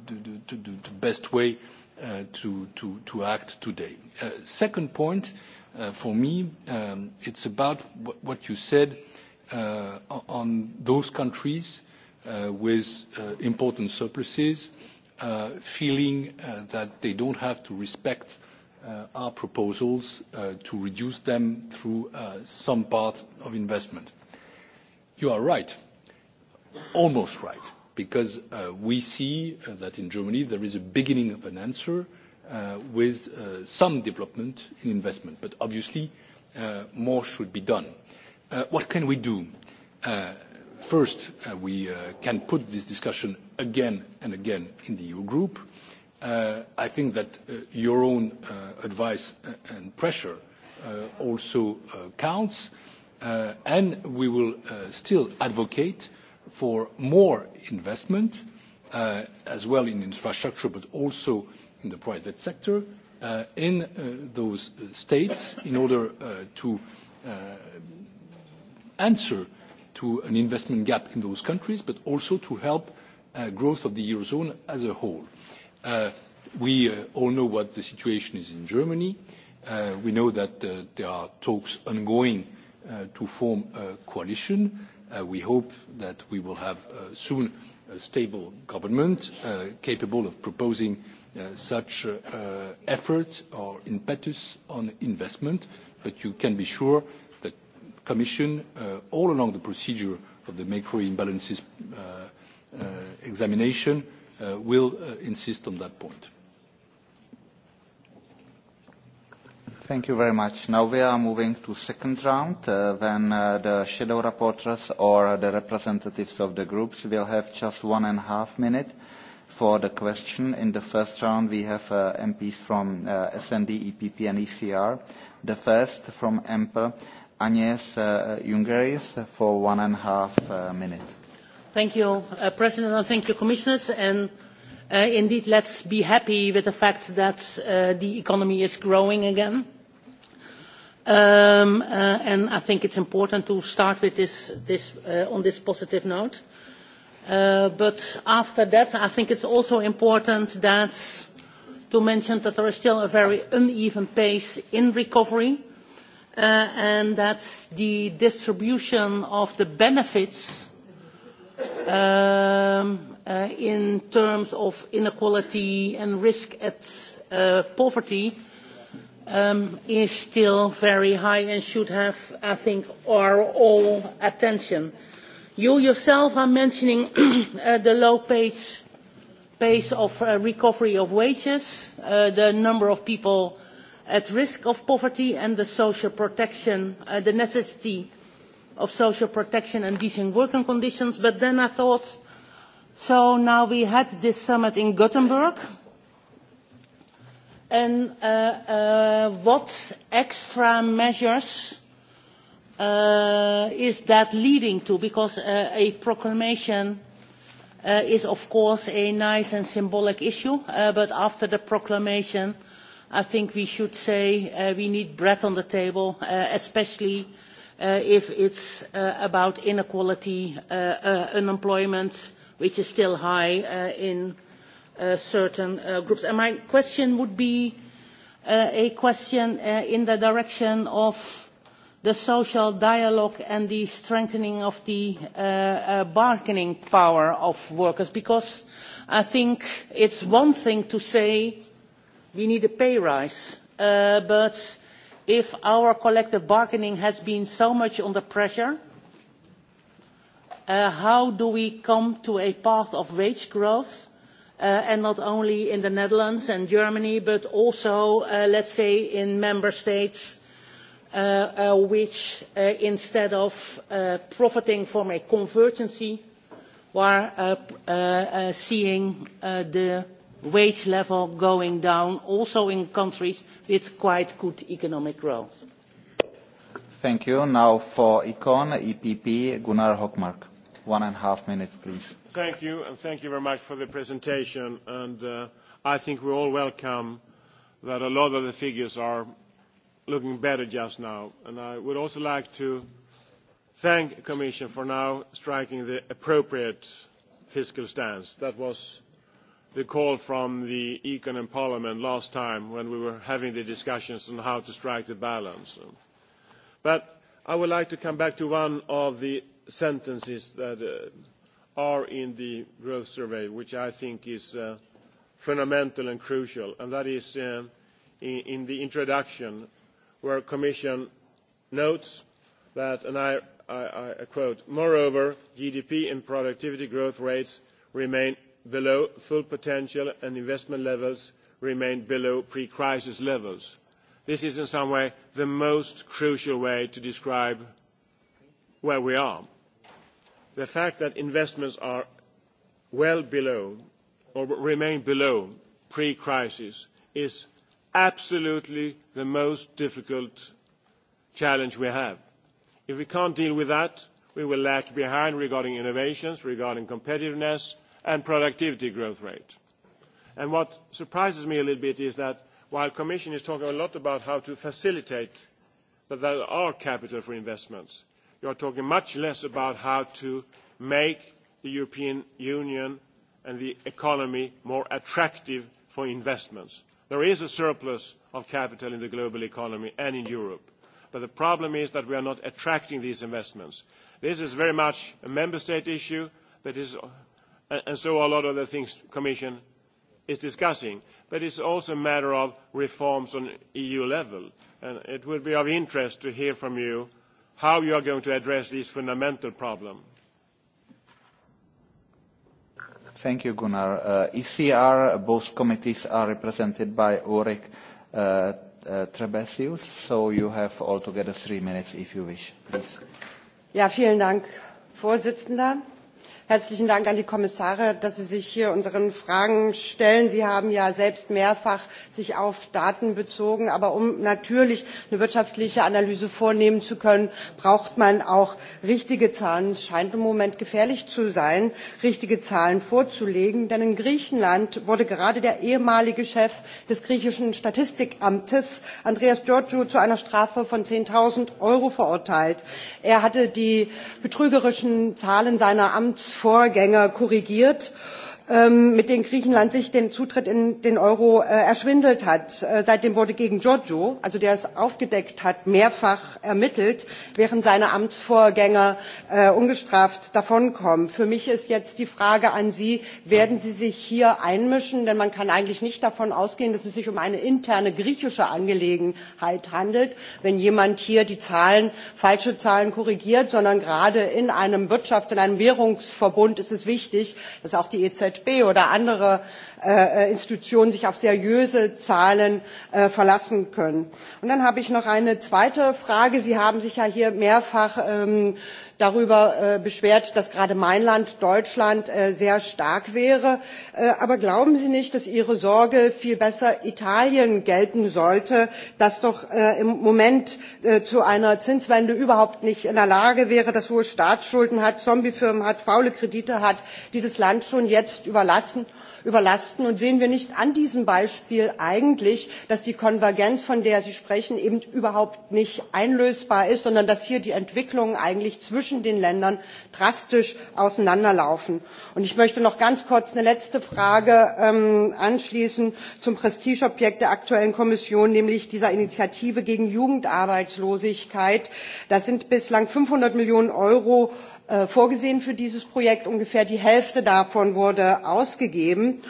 Speaker 4: the, the best way to, to act today. second point Uh, for me, um, it's about what you said uh, on those countries uh, with important surpluses feeling that they don't have to respect our proposals to reduce them through some part of investment. You are right. Almost right, because we see that in Germany there is a beginning of an answer Uh, with uh, some development in investment but obviously uh, more should be done. what can we do? first we can put this discussion again and again in the eu group. i think that your own advice and pressure also counts and we will still advocate for more investment as well in infrastructure but also in the private sector uh, in uh, those uh, states in order uh, to answer to an investment gap in those countries, but also to help growth of the Eurozone as a whole. We all know what the situation is in Germany. We know that there are talks ongoing to form a coalition. We hope that we will have soon stable government uh, capable of proposing uh, such uh, effort or impetus on investment but you can be sure that the commission all along the procedure of the macro imbalances examination will insist on that point.
Speaker 2: Thank you very much. Now we are moving to second round, uh, when uh, the shadow rapporteurs or the representatives of the groups will have just one and a half minute for the question. In the first round, we have uh, MPs from uh, SND, EPP, and ECR. The first from MP, Agnes uh, Jungerius, for one and a half uh, minute.
Speaker 7: Thank you, uh, President, and thank you, Commissioners. And Uh, indeed let us be happy with the fact that uh, the economy is growing again um, uh, and i think it is important to start with this, this, uh, on this positive note uh, but after that i think it is also important that, to mention that there is still a very uneven pace in recovery and that the distribution of the benefits um, uh, in terms of inequality and risk at uh, poverty um, is still very high and should have, I think, our all attention. You yourself are mentioning uh, the low pace, pace of uh, recovery of wages, uh, the number of people at risk of poverty and the social protection, uh, the necessity of social protection and decent working conditions. But then I thought so now we had this summit in Gothenburg. And uh, uh, what extra measures uh, is that leading to? Because uh, a proclamation uh, is, of course, a nice and symbolic issue. Uh, but after the proclamation, I think we should say uh, we need bread on the table, uh, especially uh, if it's uh, about inequality, uh, uh, unemployment, which is still high uh, in uh, certain uh, groups. And my question would be uh, a question uh, in the direction of the social dialogue and the strengthening of the uh, uh, bargaining power of workers, because I think it's one thing to say we need a pay rise, uh, but if our collective bargaining has been so much under pressure, Uh, how do we come to a path of wage growth, uh, and not only in the Netherlands and Germany, but also, uh, let's say, in member states uh, uh, which, uh, instead of uh, profiting from a convergency, were uh, uh, uh, seeing uh, the wage level going down, also in countries with quite good economic growth.
Speaker 2: Thank you. Now for Econ, EPP, Gunnar Hökmark one and a half minutes, please.
Speaker 8: Thank you, and thank you very much for the presentation. And uh, I think we all welcome that a lot of the figures are looking better just now. And I would also like to thank the Commission for now striking the appropriate fiscal stance. That was the call from the Econ and Parliament last time when we were having the discussions on how to strike the balance. But I would like to come back to one of the sentences that uh, are in the growth survey, which I think is uh, fundamental and crucial, and that is uh, in, in the introduction where Commission notes that, and I, I, I quote, "Moreover, GDP and productivity growth rates remain below full potential, and investment levels remain below pre-crisis levels." This is in some way the most crucial way to describe where we are the fact that investments are well below or remain below pre-crisis is absolutely the most difficult challenge we have. If we can't deal with that, we will lag behind regarding innovations, regarding competitiveness, and productivity growth rate. And What surprises me a little bit is that while Commission is talking a lot about how to facilitate that there are capital for investments, you are talking much less about how to make the European Union and the economy more attractive for investments. There is a surplus of capital in the global economy and in Europe, but the problem is that we are not attracting these investments. This is very much a member state issue, that is, and so a lot of the things the Commission is discussing, but it's also a matter of reforms on EU level. And it would be of interest to hear from you how you are going to address this fundamental problem.
Speaker 2: Thank you, Gunnar. Uh, ECR, both committees are represented by Ulrich uh, uh, Trebesius, so you have altogether three minutes if you wish, please.
Speaker 9: Ja, vielen Dank, Vorsitzender herzlichen dank an die kommissare dass sie sich hier unseren fragen stellen. sie haben sich ja selbst mehrfach auf daten bezogen aber um natürlich eine wirtschaftliche analyse vornehmen zu können braucht man auch richtige zahlen. es scheint im moment gefährlich zu sein richtige zahlen vorzulegen denn in griechenland wurde gerade der ehemalige chef des griechischen statistikamtes andreas georgiou zu einer strafe von zehn null euro verurteilt. er hatte die betrügerischen zahlen seiner vorgänger korrigiert. Ähm, mit denen Griechenland sich den Zutritt in den Euro äh, erschwindelt hat. Äh, seitdem wurde gegen Giorgio, also der es aufgedeckt hat, mehrfach ermittelt, während seine Amtsvorgänger äh, ungestraft davonkommen. Für mich ist jetzt die Frage an Sie, werden Sie sich hier einmischen? Denn man kann eigentlich nicht davon ausgehen, dass es sich um eine interne griechische Angelegenheit handelt, wenn jemand hier die Zahlen, falsche Zahlen korrigiert, sondern gerade in einem Wirtschafts-, in einem Währungsverbund ist es wichtig, dass auch die EZB ezb oder andere äh, institutionen sich auf seriöse zahlen äh, verlassen können. und dann habe ich noch eine zweite frage sie haben sich ja hier mehrfach ähm, darüber äh, beschwert dass gerade mein land deutschland äh, sehr stark wäre. Äh, aber glauben sie nicht dass ihre sorge viel besser italien gelten sollte das doch im moment zu einer zinswende überhaupt nicht in der lage wäre das hohe staatsschulden hat zombiefirmen hat faule kredite hat die das land schon jetzt überlasten? überlasten und sehen wir nicht an diesem beispiel eigentlich dass die konvergenz von der sie sprechen eben überhaupt nicht einlösbar ist sondern dass hier die entwicklungen eigentlich zwischen den ländern drastisch auseinanderlaufen? ich möchte noch ganz kurz eine letzte frage ähm, anschließen zum prestigeobjekt der aktuellen kommission nämlich dieser initiative gegen jugendarbeitslosigkeit da sind bislang fünfhundert millionen euro Äh, vorgesehen für dieses Projekt. Ungefähr die Hälfte davon wurde ausgegeben.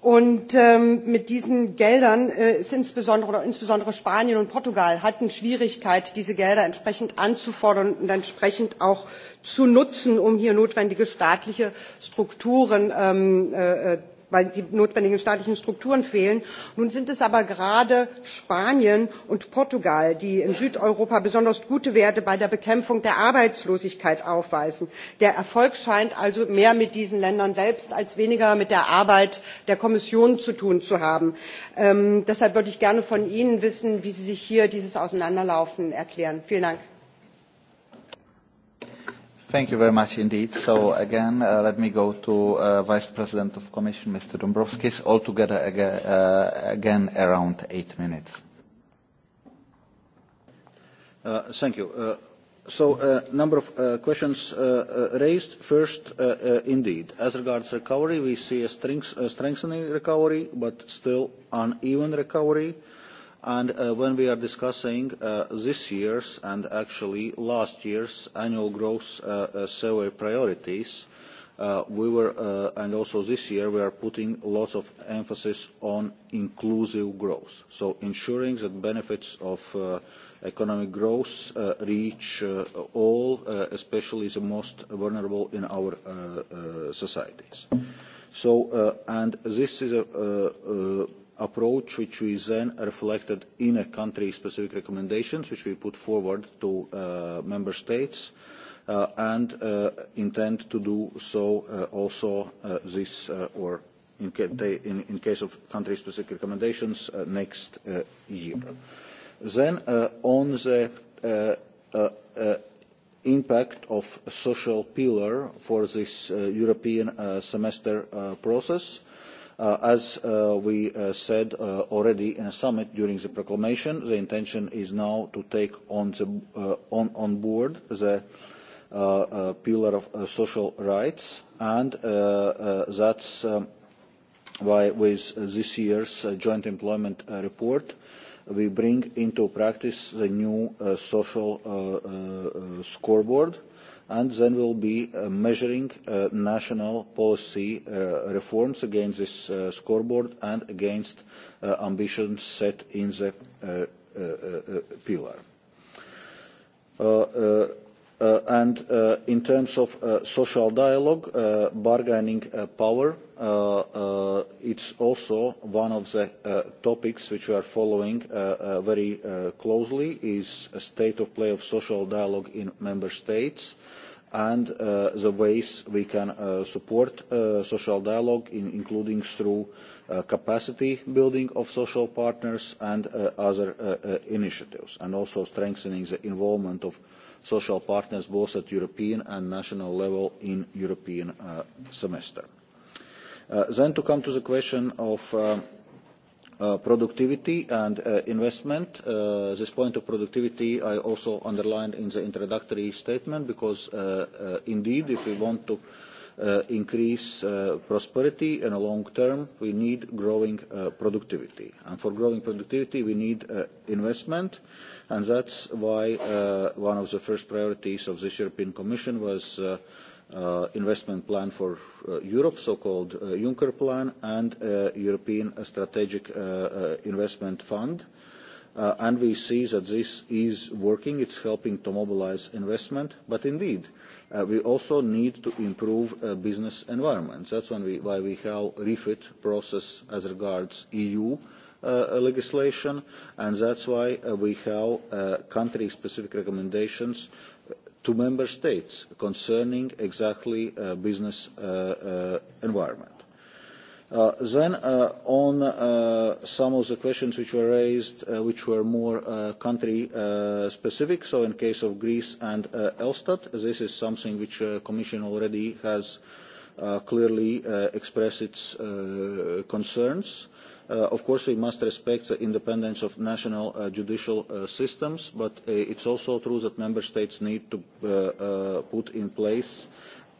Speaker 9: Und ähm, mit diesen Geldern äh, ist insbesondere, oder insbesondere Spanien und Portugal hatten Schwierigkeit, diese Gelder entsprechend anzufordern und entsprechend auch zu nutzen, um hier notwendige staatliche Strukturen ähm, äh, äh weil die notwendigen staatlichen Strukturen fehlen. Nun sind es aber gerade Spanien und Portugal, die in Südeuropa besonders gute Werte bei der Bekämpfung der Arbeitslosigkeit aufweisen. Der Erfolg scheint also mehr mit diesen Ländern selbst als weniger mit der Arbeit der Kommission zu tun zu haben. Ähm, deshalb würde ich gerne von Ihnen wissen, wie Sie sich hier dieses Auseinanderlaufen erklären. Vielen Dank.
Speaker 2: Thank you very much indeed. So again, uh, let me go to uh, Vice President of Commission, Mr. Dombrovskis, altogether again, uh, again around eight minutes.
Speaker 3: Uh, thank you. Uh, so a uh, number of uh, questions uh, uh, raised. First, uh, uh, indeed, as regards recovery, we see a, strength, a strengthening recovery, but still uneven recovery. Uh, And uh, when we are discussing uh, this year's and actually last year's annual growth uh, survey priorities, we were, and also this year, we are putting lots of emphasis on inclusive growth. So ensuring that benefits of economic growth reach all, especially the most vulnerable in our societies. So, and this is a approach which we then reflected in a country specific recommendations which we put forward to uh, member states uh, and uh, intend to do so uh, also uh, this uh, or in, ca in, in, case of country specific recommendations next year. Then on the impact of social pillar for this European semester process, Uh, as uh, we uh, said uh, already in a summit during the proclamation, the intention is now to take on, the, uh, on, on board the uh, pillar of social rights, and that's um, why with this year's joint employment report, we bring into practice the new social scoreboard, and then we will be uh, measuring uh, national policy uh, reforms against this uh, scoreboard and against uh, ambitions set in the uh, pillar. Uh, and uh, in terms of uh, social dialogue, uh, bargaining uh, power, it is also one of the topics which we are following very closely is the state of play of social dialogue in member states and the ways we can support social dialogue, in, including through capacity building of social partners and other initiatives, and also strengthening the involvement of social partners both at European and national level in European uh, semester. Uh, then to come to the question of uh, Uh, productivity and uh, investment. Uh, this point of productivity I also underlined in the introductory statement because uh, uh, indeed, if we want to uh, increase uh, prosperity the long term we need growing uh, productivity and for growing productivity we need uh, investment and that's why uh, one of the first priorities of this European Commission was uh, uh, investment plan for uh, Europe, so-called uh, Juncker plan, and uh, European Strategic uh, uh, Investment Fund. Uh, and we see that this is working. It's helping to mobilize investment. But indeed, Uh, we also need to improve uh, business environments. That's is why we have refit process as regards EU uh, legislation, and that's why we have country-specific recommendations to member states concerning exactly business environment. Uh, then uh, on uh, some of the questions which were raised, uh, which were more uh, country specific, so in case of Greece and Elstat, this is something which the Commission already has clearly expressed its concerns. Of course, we must respect the independence of national judicial systems, but it is also true that member states need to put in place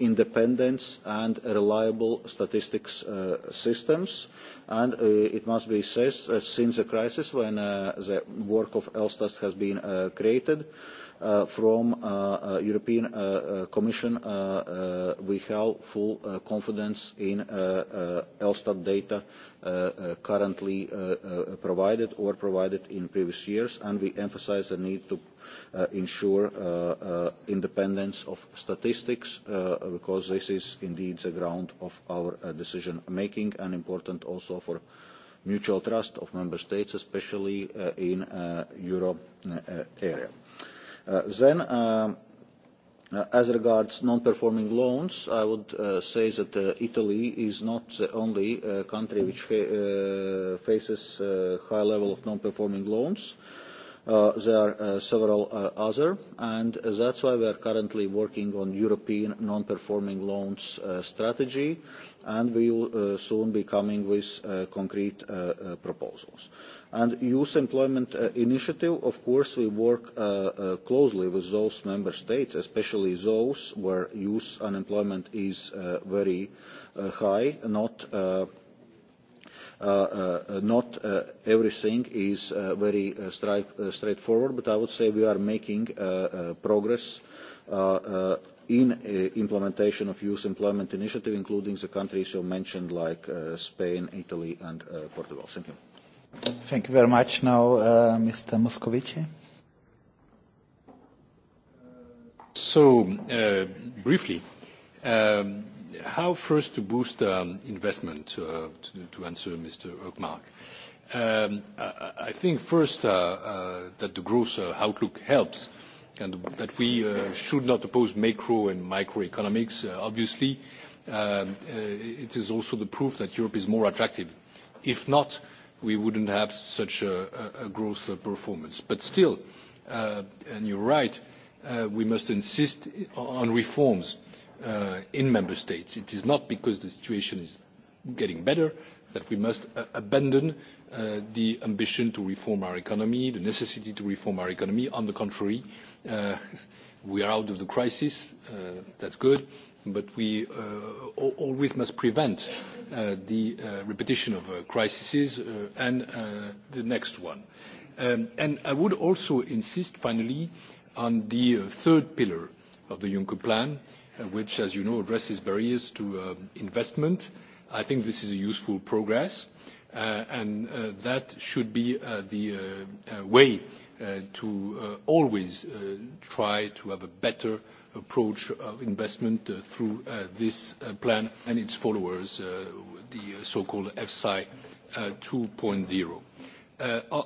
Speaker 3: independence and reliable statistics uh, systems. And uh, it must be said that since the crisis when uh, the work of ELSTAS has been uh, created, uh, from uh, uh European uh, uh, Commission, uh, uh, we have full uh, confidence in uh, uh, Elstat data uh, uh, currently uh, uh, provided or provided in previous years, and we emphasize the need to uh, ensure uh, uh, independence of statistics uh, because this is indeed the ground of our uh, decision making and important also for mutual trust of member states, especially uh, in uh, euro uh, area. Then, uh, uh, uh, as regards non-performing loans, I would say that Italy is not the only country which faces a high level of non-performing loans. there are several other, and that's why we are currently working on European non-performing loans strategy, and we will soon be coming with concrete proposals. And youth employment uh, initiative, of course, we work uh, uh, closely with those member states, especially those where youth unemployment is uh, very uh, high, not uh, Uh, uh, not uh, everything is uh, very uh, uh, straightforward, but I would say we are making progress in implementation of youth employment initiative, including the countries you mentioned like Spain, Italy, and Portugal. Thank you.
Speaker 2: Thank you very much. Now, uh, Mr. Moscovici.
Speaker 4: So, uh, briefly, um, how first to boost um, investment, uh, to, to answer Mr. Erkmark? Um, I, I think first uh, uh, that the growth uh, outlook helps and that we uh, should not oppose macro and microeconomics. Uh, Obviously, uh, uh, it is also the proof that Europe is more attractive. If not, we wouldn't have such a, growth performance. But still, uh, and you're right, uh, we must insist on reforms uh, in member states. It is not because the situation is getting better that we must abandon the ambition to reform our economy, the necessity to reform our economy. On the contrary, we are out of the crisis. That's good but we uh, always must prevent uh, the uh, repetition of crises and the next one. Um, and I would also insist, finally, on the third pillar of the Juncker plan, which, as you know, addresses barriers to um, investment. I think this is a useful progress. Uh, and uh, that should be uh, the way to always try to have a better approach of investment uh, through uh, this uh, plan and its followers, the so-called FSI 2.0.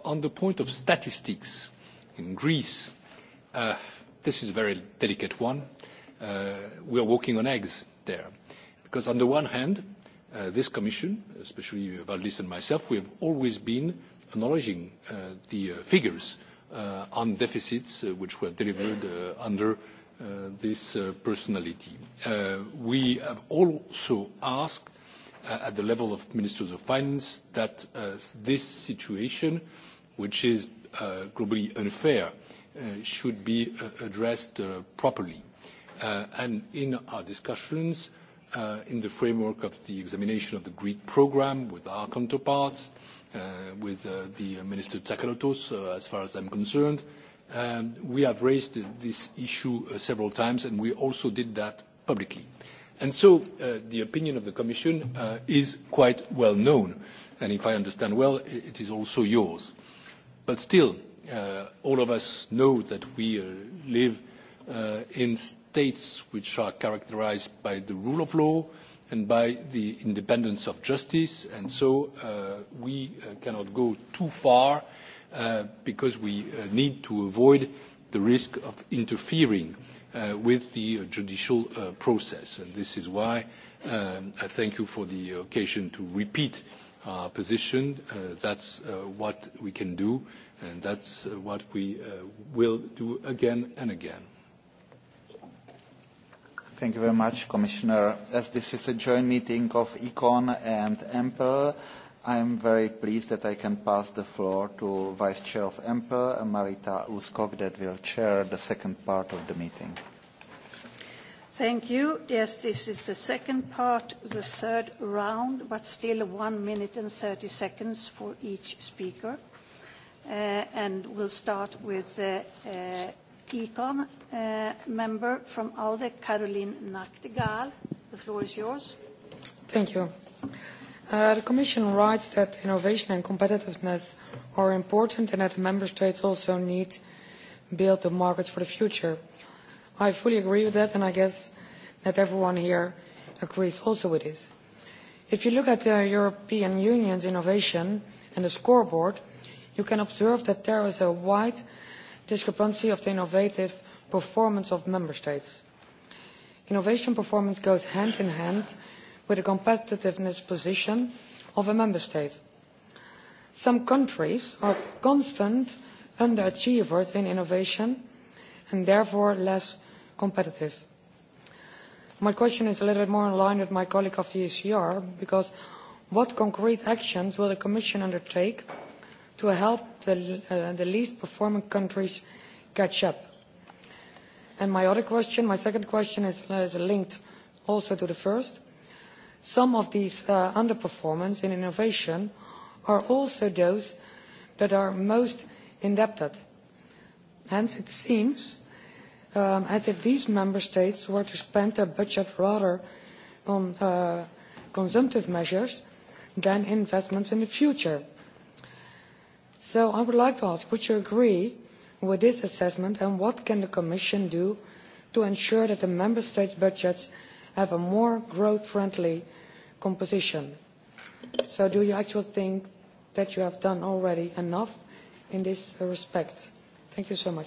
Speaker 4: On the point of statistics in Greece, this is a very delicate one. We are walking on eggs there because on the one hand, this commission, especially Valdis and myself, we have always been acknowledging the figures on deficits which were delivered under Uh, this uh, personality. Uh, we have also asked at the level of ministers of finance that this situation which is globally unfair should be addressed properly. and in our discussions in the framework of the examination of the greek programme with our counterparts with the minister tsakalotos as far as i'm concerned Um, we have raised this issue uh, several times, and we also did that publicly. And so uh, the opinion of the Commission uh, is quite well known, and if I understand well, it is also yours. But still, all of us know that we live in states which are characterized by the rule of law and by the independence of justice, and so we cannot go too far Uh, because we uh, need to avoid the risk of interfering uh, with the judicial process. And this is why um, I thank you for the occasion to repeat our position. That's what we can do, and that's what we will do again and again. Thank you very much, Commissioner. As
Speaker 2: this is a joint meeting of Econ and Ample, i am very pleased that I can pass the floor to Vice Chair of EMPL, Marita Ulskog, that will chair the second part of the meeting.
Speaker 10: Thank you. Yes, this is the second part, the third round, but still one minute and 30 seconds for each speaker. Uh, and we'll start with the uh, uh, Econ uh, member from ALDE, Caroline Nachtigal. The floor is
Speaker 11: yours. Thank you. Uh, the Commission writes that innovation and competitiveness are important and that Member States also need to build the markets for the future. I fully agree with that and I guess that everyone here agrees also with this. If you look at the European Union's innovation and the scoreboard, you can observe that there is a wide discrepancy of the innovative performance of member states. Innovation performance goes hand in hand with the competitiveness position of a member state. Some countries are constant underachievers in innovation and therefore less competitive. My question is a little bit more in line with my colleague of the ECR because what concrete actions will the Commission undertake to help the, uh, the least performing countries catch up? And my other question, my second question is, is linked also to the first some of these uh, underperformers in innovation are also those that are most indebted. Hence, it seems um, as if these member states were to spend their budget rather on uh, consumptive measures than investments in the future. So I would like to ask, would you agree with this assessment and what can the Commission do to ensure that the member states' budgets have a more growth-friendly composition. So do you actually think that you have done already enough in this respect? Thank you so much.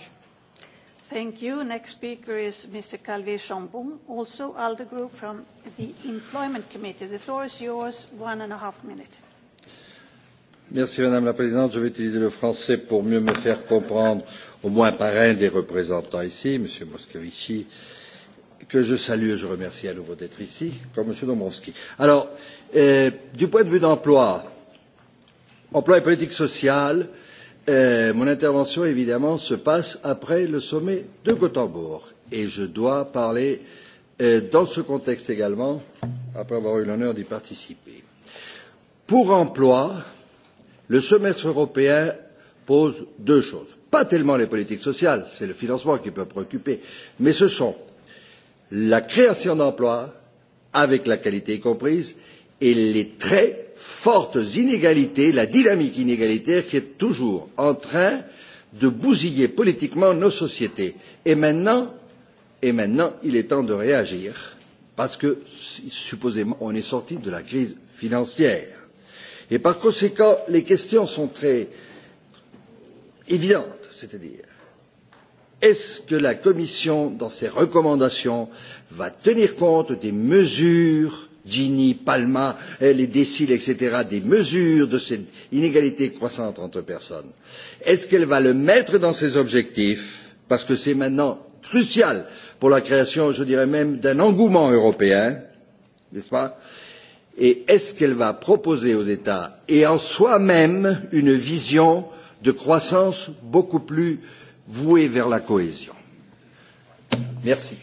Speaker 10: Thank you. Next speaker is Mr. Calvé Chambon, also ALDE Group from the Employment Committee. The floor is yours, one and a half minute.
Speaker 12: Merci Madame la Présidente. Je vais utiliser le français pour mieux me faire comprendre, au moins par un des représentants ici, M. Moscovici, que je salue et je remercie à nouveau d'être ici, comme M. Dombrovski. Alors, euh, du point de vue d'emploi, emploi et politique sociale, euh, mon intervention, évidemment, se passe après le sommet de Gothenburg. Et je dois parler euh, dans ce contexte également, après avoir eu l'honneur d'y participer. Pour emploi, le semestre européen pose deux choses. Pas tellement les politiques sociales, c'est le financement qui peut préoccuper, mais ce sont la création d'emplois avec la qualité comprise et les très fortes inégalités, la dynamique inégalitaire qui est toujours en train de bousiller politiquement nos sociétés. Et maintenant, et maintenant il est temps de réagir parce que supposément on est sorti de la crise financière. Et par conséquent, les questions sont très évidentes, c'est-à-dire est-ce que la Commission, dans ses recommandations, va tenir compte des mesures Gini, Palma, les déciles, etc., des mesures de cette inégalité croissante entre personnes Est-ce qu'elle va le mettre dans ses objectifs Parce que c'est maintenant crucial pour la création, je dirais même, d'un engouement européen, n'est-ce pas Et est-ce qu'elle va proposer aux États, et en soi-même, une vision de croissance beaucoup plus euh, vouée vers la cohésion.
Speaker 10: Merci.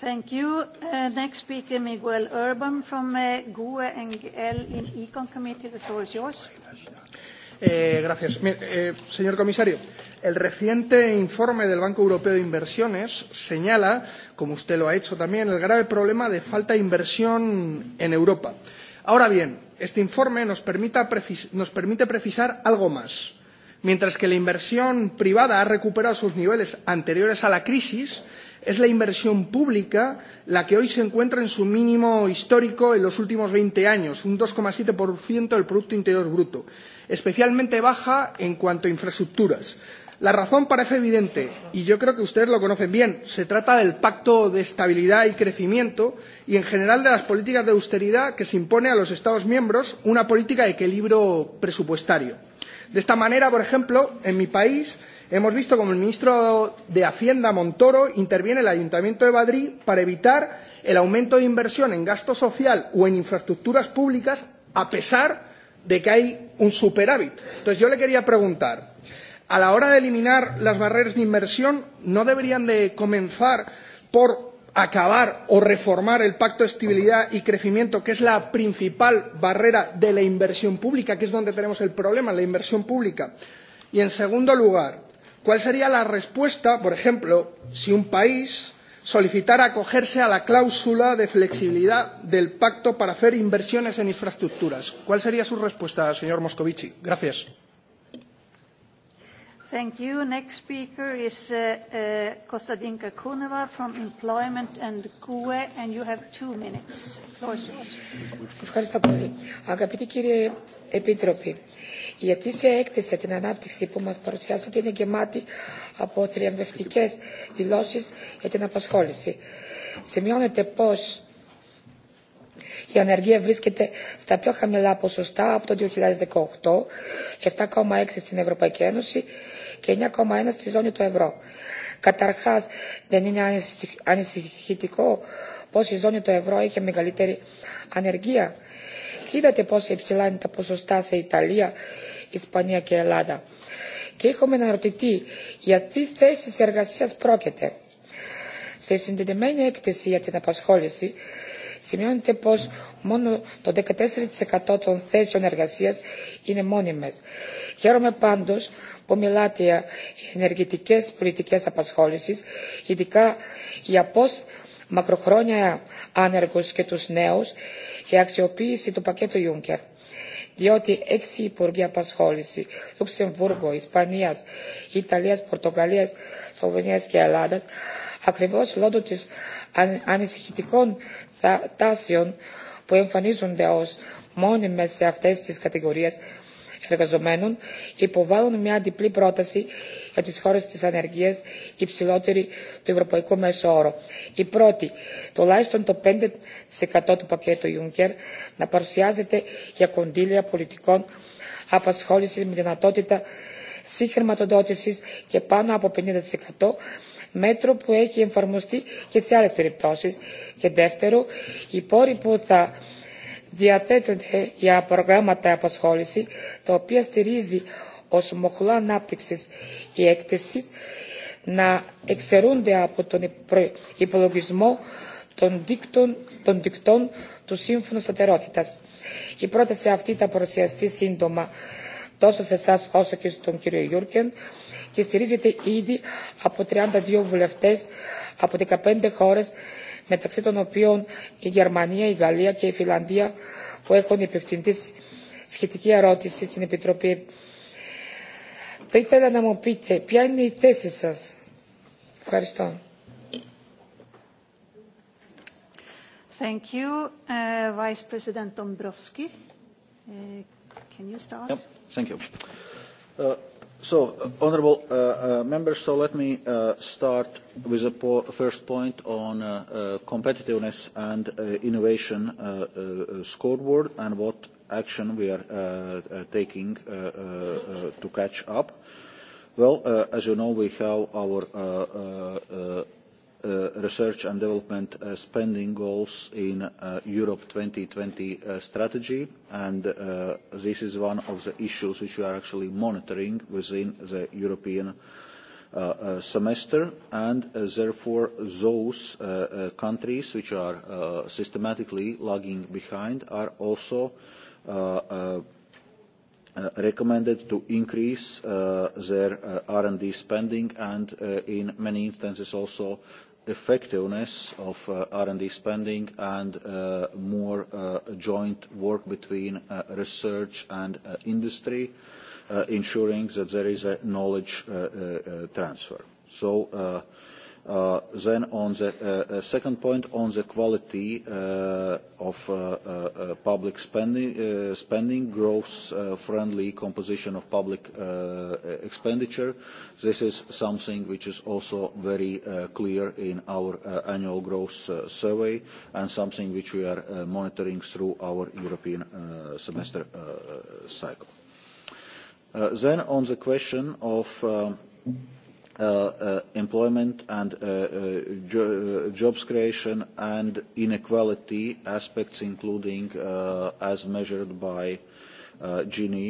Speaker 10: Thank you. Uh, next speaker, Miguel Urban from uh, GUE NGL in Econ Committee. The floor is yours.
Speaker 13: Eh, gracias. eh, señor comisario, el reciente informe del Banco Europeo de Inversiones señala, como usted lo ha hecho también, el grave problema de falta de inversión en Europa. Ahora bien, este informe nos, nos permite precisar algo más Mientras que la inversión privada ha recuperado sus niveles anteriores a la crisis, es la inversión pública la que hoy se encuentra en su mínimo histórico en los últimos veinte años, un dos siete del Producto Interior Bruto, especialmente baja en cuanto a infraestructuras. La razón parece evidente y yo creo que ustedes lo conocen bien. Se trata del pacto de estabilidad y crecimiento y, en general, de las políticas de austeridad que se impone a los Estados miembros una política de equilibrio presupuestario De esta manera, por ejemplo, en mi país hemos visto como el ministro de Hacienda, Montoro, interviene el Ayuntamiento de Madrid para evitar el aumento de inversión en gasto social o en infraestructuras públicas a pesar de que hay un superávit. Entonces yo le quería preguntar, a la hora de eliminar las barreras de inversión, ¿no deberían de comenzar por acabar o reformar el pacto de estabilidad y crecimiento, que es la principal barrera de la inversión pública, que es donde tenemos el problema, la inversión pública. Y en segundo lugar, ¿cuál sería la respuesta, por ejemplo, si un país solicitara acogerse a la cláusula de flexibilidad del pacto para hacer inversiones en infraestructuras? ¿Cuál sería su respuesta, señor Moscovici? Gracias.
Speaker 10: Thank you. Next speaker is uh, uh, Kostadinka Kuneva from Employment and CUE, and you have two
Speaker 14: minutes. Ευχαριστώ πολύ. Αγαπητοί κύριε Επίτροποι, η ετήσια έκθεση για την ανάπτυξη που μας παρουσιάσατε είναι γεμάτη από θριαμβευτικές δηλώσεις για την απασχόληση. Σημειώνεται πως η ανεργία βρίσκεται στα πιο χαμηλά ποσοστά από το 2018, 7,6 στην Ευρωπαϊκή Ένωση και 9,1 στη ζώνη του ευρώ. Καταρχάς, δεν είναι ανησυχητικό πως η ζώνη του ευρώ είχε μεγαλύτερη ανεργία. Και είδατε πόσο υψηλά είναι τα ποσοστά σε Ιταλία, Ισπανία και Ελλάδα. Και έχουμε να ρωτηθεί για τι θέσεις εργασίας πρόκειται. Στη συντετημένη έκθεση για την απασχόληση σημειώνεται πως μόνο το 14% των θέσεων εργασίας είναι μόνιμες. Χαίρομαι πάντως που μιλάτε για ενεργητικές πολιτικές απασχόλησης, ειδικά για πώς μακροχρόνια άνεργους και τους νέους, η αξιοποίηση του πακέτου Juncker διότι έξι υπουργοί απασχόληση Λουξεμβούργο, Ισπανία, Ιταλία, Πορτογαλία, Σλοβενία και Ελλάδα, ακριβώ λόγω τη ανησυχητικών προστάσεων που εμφανίζονται ως μόνιμες σε αυτές τις κατηγορίες εργαζομένων υποβάλλουν μια διπλή πρόταση για τις χώρες της ανεργίας υψηλότερη του ευρωπαϊκού μέσου όρου. Η πρώτη, τουλάχιστον το 5% του πακέτου Juncker να παρουσιάζεται για κονδύλια πολιτικών απασχόλησης με δυνατότητα συγχρηματοδότησης και πάνω από 50% μέτρο που έχει εφαρμοστεί και σε άλλες περιπτώσεις. Και δεύτερο, οι πόροι που θα διαθέτονται για προγράμματα απασχόληση, τα οποία στηρίζει ως μοχλά ανάπτυξη η έκθεση, να εξαιρούνται από τον υπολογισμό των δίκτων, των δικτών του Σύμφωνου Σταθερότητας. Η πρόταση αυτή θα παρουσιαστεί σύντομα τόσο σε εσά όσο και στον κύριο Γιούρκεν και στηρίζεται ήδη από 32 βουλευτές από 15 χώρες μεταξύ των οποίων η Γερμανία, η Γαλλία και η Φιλανδία που έχουν υπευθυνθεί σχετική ερώτηση στην Επιτροπή. Θα ήθελα να μου πείτε ποια είναι η θέση σας. Ευχαριστώ.
Speaker 10: Thank you. Uh, Vice President Dombrovski, uh, can you start? Yep,
Speaker 3: thank you. Uh, so, honourable uh, uh, members, so let me uh, start with the po first point on uh, uh, competitiveness and uh, innovation uh, uh, scoreboard and what action we are uh, uh, taking uh, uh, uh to catch up. Well, uh, as you know, we have our uh, uh, uh Uh, research and development uh, spending goals in uh, Europe twenty uh, strategy and this is one of the issues which we are actually monitoring within the European semester and therefore those countries which are systematically lagging behind are also Uh, recommended to increase uh, their uh, R&D spending and in many instances also effectiveness of uh, R&D spending and uh, more uh, joint work between uh, research and uh, industry, uh, ensuring that there is a knowledge transfer. So Uh, then on the uh, uh, second point, on the quality of public spending, spending growth-friendly composition of public expenditure, this is something which is also very clear in our annual growth survey and something which we are monitoring through our European semester cycle. Then on the question of um, Uh, uh, employment and uh, uh jo jobs creation and inequality aspects, including as measured by Gini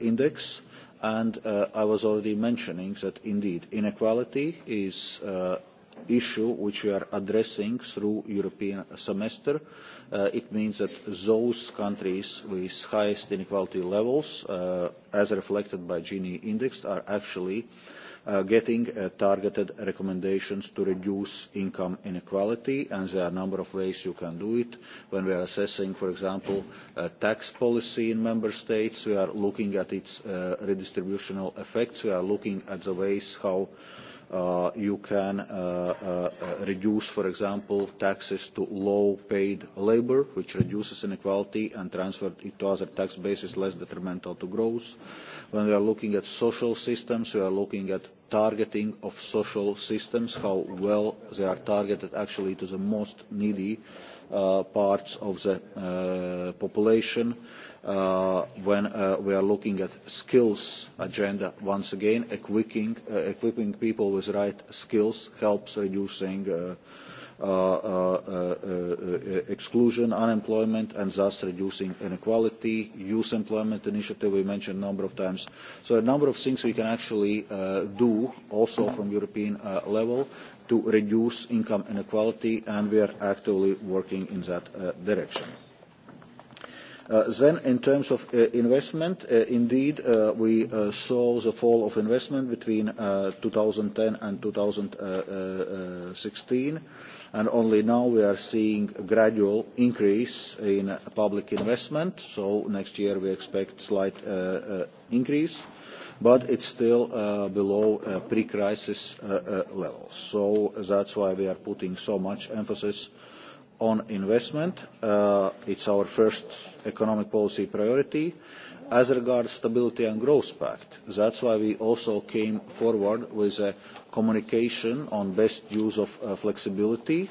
Speaker 3: index. And I was already mentioning that indeed inequality is an issue which we are addressing through European semester. it means that those countries with highest inequality levels, as reflected by Gini index, are actually uh, uh, getting uh, targeted recommendations to reduce income inequality, and there are a number of ways you can do it. When we are assessing, for example, uh, tax policy in member states, we are looking at its uh, redistributional effects, we are looking at the ways how uh, Uh, you can uh, uh, reduce, for example, taxes to low-paid labor, which reduces inequality and transfer it to other tax bases less detrimental to growth. When we are looking at social systems, we are looking at targeting of social systems, how well they are targeted actually to the most needy uh, parts of the uh, population. Uh, when uh, we are looking at skills agenda once again equipping, uh, people with right skills helps reducing exclusion, unemployment, and thus reducing inequality. Youth employment initiative we mentioned a number of times. So a number of things we can actually do also from European level to reduce income inequality, and we are actively working in that direction. Uh, then in terms of uh, investment, uh, indeed, we saw the fall of investment between 2010 and 2016, and only now we are seeing a gradual increase in public investment. So next year we expect slight increase, but it's still below pre-crisis levels. So that's why we are putting so much emphasis on investment, it uh, it's our first economic policy priority. As regards stability and growth pact, that's why we also came forward with a communication on best use of uh, flexibility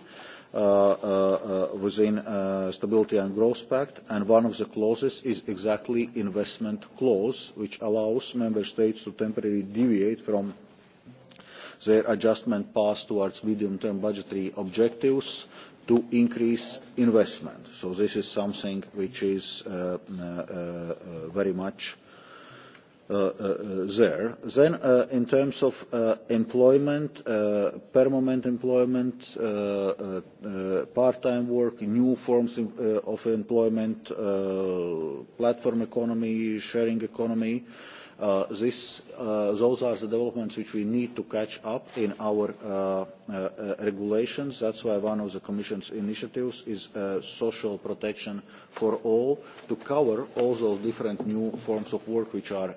Speaker 3: uh, within the stability and growth pact, and one of the clauses is exactly investment clause, which allows member states to temporarily deviate from their adjustment path towards medium-term budgetary objectives to increase investment. So This is something which is uh, uh, uh, very much there. Then In terms of employment, permanent employment, part-time work, new forms of employment, platform economy, sharing economy, Uh, this, uh, those are the developments which we need to catch up in our uh, uh, regulations. That is why one of the Commission's initiatives is social protection for all to cover all those different new forms of work which are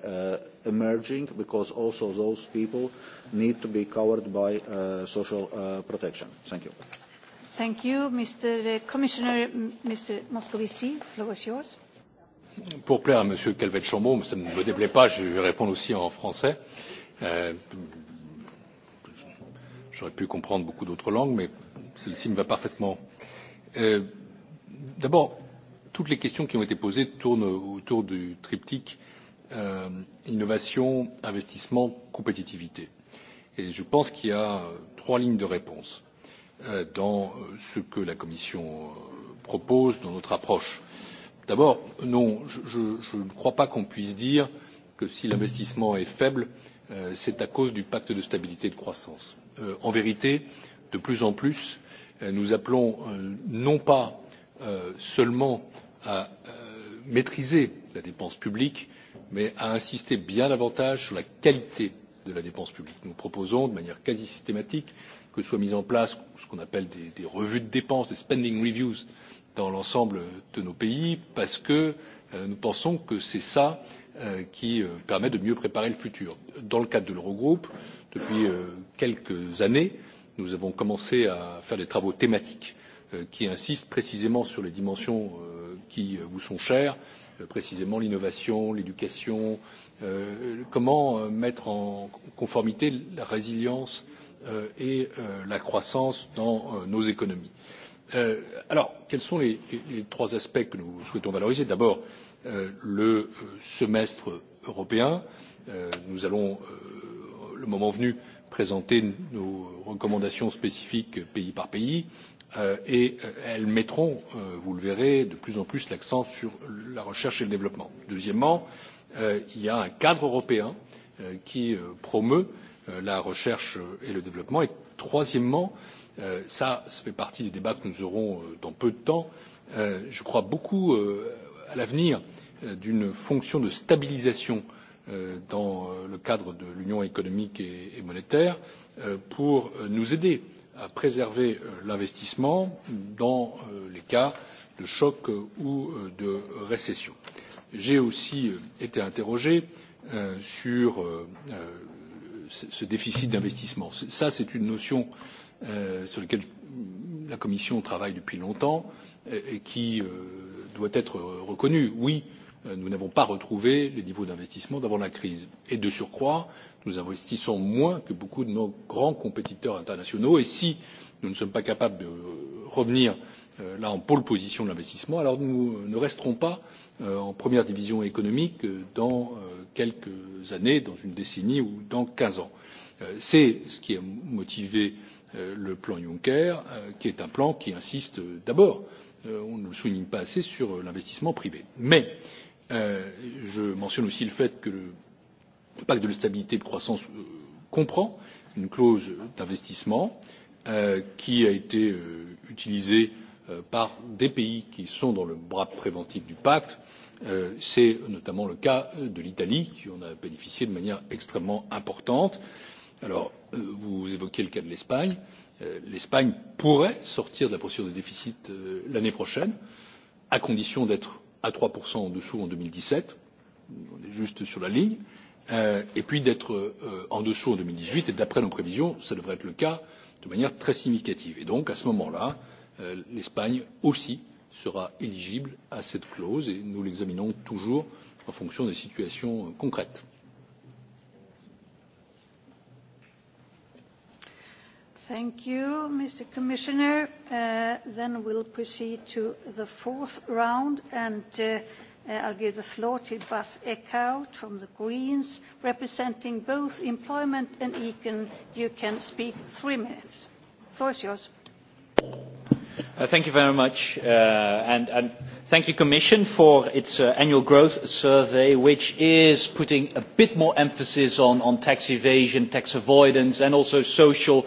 Speaker 3: emerging because also those people need to be covered by social protection. Thank you.
Speaker 10: Thank you, Mr. Commissioner. Mr. Moscovici, the floor is yours
Speaker 4: pour plaire à m. calvet chambon ça ne me déplaît pas je vais répondre aussi en français euh, j'aurais pu comprendre beaucoup d'autres langues mais celle ci me va parfaitement. Euh, d'abord toutes les questions qui ont été posées tournent autour du triptyque euh, innovation investissement compétitivité et je pense qu'il y a trois lignes de réponse dans ce que la commission propose dans notre approche d'abord non je, ne crois pas qu'on puisse dire que si l'investissement est faible euh, c'est à cause du pacte de stabilité et de croissance. Euh, en vérité de plus en plus euh, nous appelons non pas seulement à maîtriser la dépense publique mais à insister bien davantage sur la qualité de la dépense publique. nous proposons de manière quasi systématique que soient mises en place ce qu'on appelle des revues de dépenses des spending reviews dans l'ensemble de nos pays parce que euh, nous pensons que c'est cela euh, qui euh, permet de mieux préparer le futur. dans le cadre de l'eurogroupe depuis quelques années nous avons commencé à faire des travaux thématiques qui insistent précisément sur les dimensions qui vous sont chères précisément l'innovation l'éducation comment mettre en conformité la résilience et la croissance dans nos économies. Euh, alors quels sont les, trois aspects que nous souhaitons valoriser? d'abord euh, le euh, semestre européen nous allons le moment venu présenter nos recommandations spécifiques pays par pays et elles mettront vous le verrez de plus en plus l'accent sur la recherche et le développement. deuxièmement il y a un cadre européen qui promeut la recherche et le développement et troisièmement cela euh, fait partie des débats que nous aurons euh, dans peu de temps. Euh, je crois beaucoup à l'avenir d'une fonction de stabilisation dans le cadre de l'union économique et monétaire pour nous aider à préserver l'investissement dans les cas de choc ou de récession. j'ai aussi été interrogé sur ce déficit d'investissement. c'est une notion Euh, sur lequel la commission travaille depuis longtemps et qui euh, doit être reconnu. oui euh, nous n'avons pas retrouvé les niveaux d'investissement d'avant la crise et de surcroît nous investissons moins que beaucoup de nos grands compétiteurs internationaux et si nous ne sommes pas capables de revenir là en pole position de l'investissement alors nous ne resterons pas en première division économique dans quelques années dans une décennie ou dans quinze ans. c'est ce qui a motivé Euh, le plan juncker euh, qui est un plan qui insiste d'abord euh, on ne le souligne pas assez sur l'investissement privé. mais je mentionne aussi le fait que le pacte de stabilité et de croissance comprend une clause d'investissement qui a été utilisée par des pays qui sont dans le bras préventif du pacte c'est notamment le cas de l'italie qui en a bénéficié de manière extrêmement importante alors euh, vous évoquiez le cas de l'espagne euh, l'espagne pourrait sortir de la procédure de déficit euh, l'année prochaine à condition d'être à trois en dessous en deux mille dix sept on est juste sur la ligne et puis d'être en dessous en deux mille dix huit et d'après nos prévisions cela devrait être le cas de manière très significative et donc à ce moment là l'espagne aussi sera éligible à cette clause et nous l'examinons toujours en fonction des situations concrètes.
Speaker 10: Thank you, Mr. Commissioner. Uh, then we'll proceed to the fourth round, and uh, uh, I'll give the floor to Bas Eckhout from the Greens, representing both employment and econ. You can speak three minutes. The floor is yours.
Speaker 15: Uh, thank you very much, uh, and, and thank you, Commission, for its uh, annual growth survey, which is putting a bit more emphasis on, on tax evasion, tax avoidance, and also social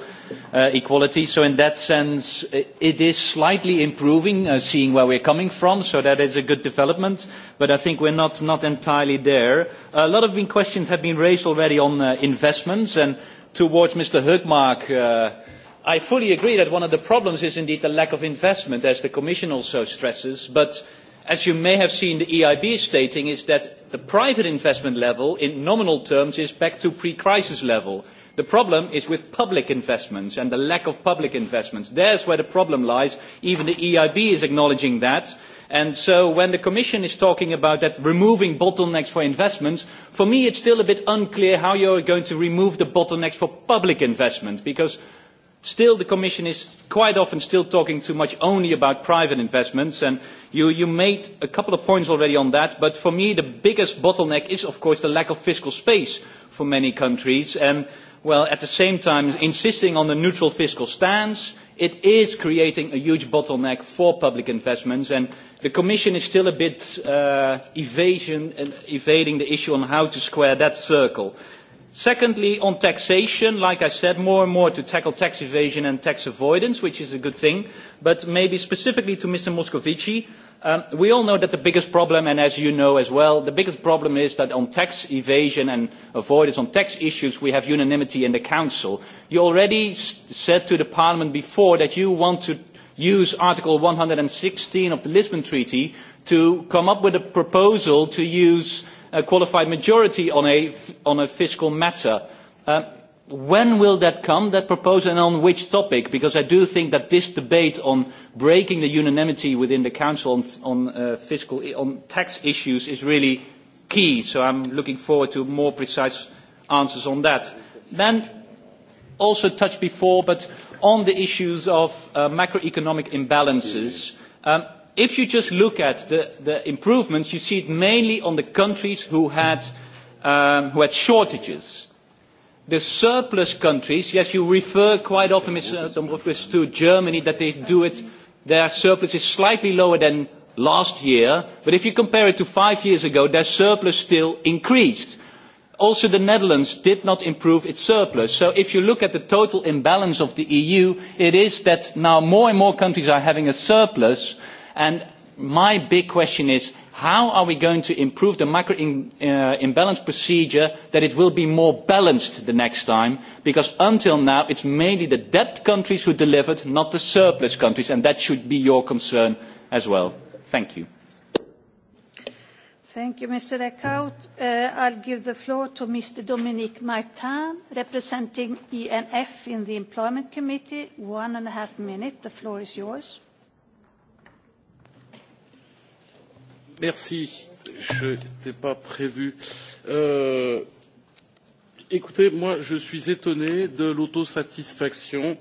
Speaker 15: uh, equality. So in that sense, it, it is slightly improving, uh, seeing where we're coming from, so that is a good development, but I think we're not, not entirely there. A lot of questions have been raised already on uh, investments, and towards Mr. Hugmark, uh, i fully agree that one of the problems is indeed the lack of investment, as the Commission also stresses, but as you may have seen the EIB stating, is that the private investment level in nominal terms is back to pre-crisis level. The problem is with public investments and the lack of public investments. There is where the problem lies. Even the EIB is acknowledging that. And so when the Commission is talking about that removing bottlenecks for investments, for me it's still a bit unclear how you are going to remove the bottlenecks for public investment because Still, the Commission is quite often still talking too much only about private investments, and you, you made a couple of points already on that, but for me the biggest bottleneck is, of course, the lack of fiscal space for many countries, and, well, at the same time, insisting on a neutral fiscal stance, it is creating a huge bottleneck for public investments, and the Commission is still a bit uh, evasion, uh, evading the issue on how to square that circle. Secondly, on taxation, like I said, more and more to tackle tax evasion and tax avoidance, which is a good thing. But maybe specifically to Mr. Moscovici, um, we all know that the biggest problem, and as you know as well, the biggest problem is that on tax evasion and avoidance, on tax issues, we have unanimity in the Council. You already said to the Parliament before that you want to use Article one hundred and sixteen of the Lisbon Treaty to come up with a proposal to use a qualified majority on a, on a fiscal matter. Uh, when will that come, that proposal, and on which topic? Because I do think that this debate on breaking the unanimity within the Council on, on, uh, fiscal, on tax issues is really key. So I'm looking forward to more precise answers on that. Then, also touched before, but on the issues of uh, macroeconomic imbalances, um, if you just look at the, the improvements, you see it mainly on the countries who had, um, who had shortages. The surplus countries, yes, you refer quite often, Mr. Dombrovskis, to Germany, that they do it, their surplus is slightly lower than last year, but if you compare it to five years ago, their surplus still increased. Also, the Netherlands did not improve its surplus. So if you look at the total imbalance of the EU, it is that now more and more countries are having a surplus, And my big question is, how are we going to improve the macro uh, imbalance procedure that it will be more balanced the next time? Because until now, it is mainly the debt countries who delivered, not the surplus countries, and that should be your concern as well. Thank you.
Speaker 10: Thank you, Mr. Eckhout. Uh, I'll give the floor to Mr. Dominique Martin, representing ENF in the Employment Committee. One and a half minute. The floor is yours.
Speaker 16: Merci. Je n'étais pas prévu. Euh, écoutez, moi, je suis étonné de l'autosatisfaction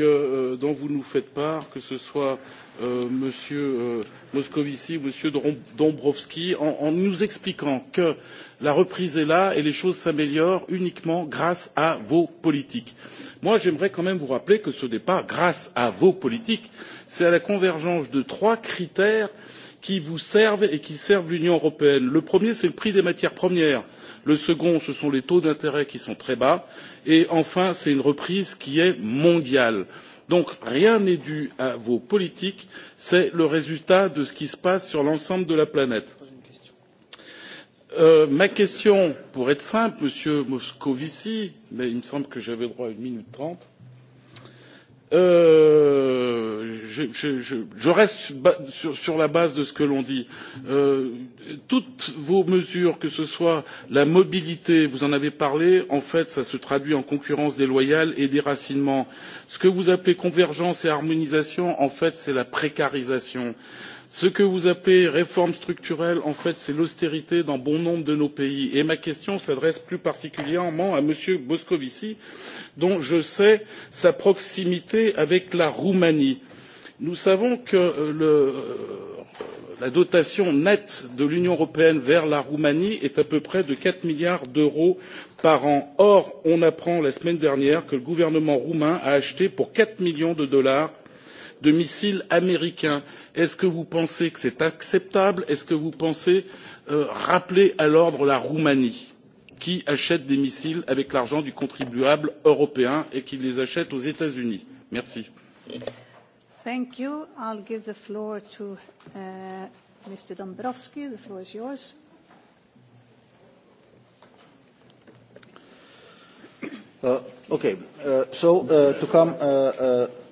Speaker 16: euh, dont vous nous faites part, que ce soit euh, M. Moscovici ou M. Dombrovski, en, nous expliquant que la reprise est là et les choses s'améliorent uniquement grâce à vos politiques. Moi, j'aimerais quand même vous rappeler que ce n'est pas grâce à vos politiques, c'est à la convergence de trois critères qui vous servent et qui servent l'union européenne. le premier c'est le prix des matières premières le second ce sont les taux d'intérêt qui sont très bas et enfin c'est une reprise qui est mondiale. donc rien n'est dû à vos politiques c'est le résultat de ce qui se passe sur l'ensemble de la planète. Euh, ma question pour être simple monsieur moscovici mais il me semble que j'avais droit à une minute trente Euh, je, je, je, je reste sur, sur la base de ce que l'on dit. Euh, toutes vos mesures, que ce soit la mobilité, vous en avez parlé, en fait, ça se traduit en concurrence déloyale et déracinement. Ce que vous appelez convergence et harmonisation, en fait, c'est la précarisation ce que vous appelez réforme structurelle en fait c'est l'austérité dans bon nombre de nos pays et ma question s'adresse plus particulièrement à m. moscovici dont je sais la proximité avec la roumanie. nous savons que euh, euh, la dotation nette de l'union européenne vers la roumanie est à peu près de quatre milliards d'euros par an. or on apprend la semaine dernière que le gouvernement roumain a acheté pour quatre millions de dollars de missiles américains. est ce que vous pensez que c'est acceptable? est ce que vous pensez euh, rappeler à l'ordre la roumanie qui achète des missiles avec l'argent du contribuable européen et qui les achète aux états unis? merci.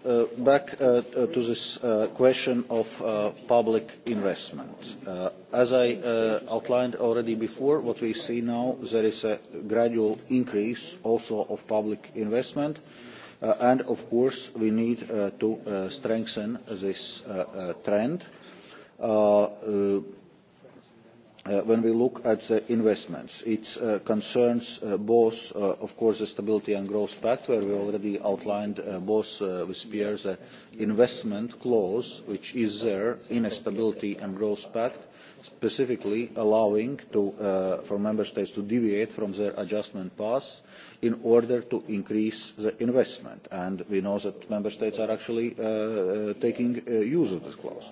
Speaker 3: Uh, back uh, uh, to this uh, question of uh, public investment. As I outlined already before, what we see now, there is a gradual increase also of public investment. and Of course, we need to strengthen this trend. Uh, when we look at the investments, it uh, concerns uh, both, uh, of course, the Stability and Growth Pact, where we already outlined uh, both with Pierre the investment clause, which is there in a Stability and Growth Pact, specifically allowing to, for member states to deviate from their adjustment path in order to increase the investment. And we know that member states are actually making use of this clause.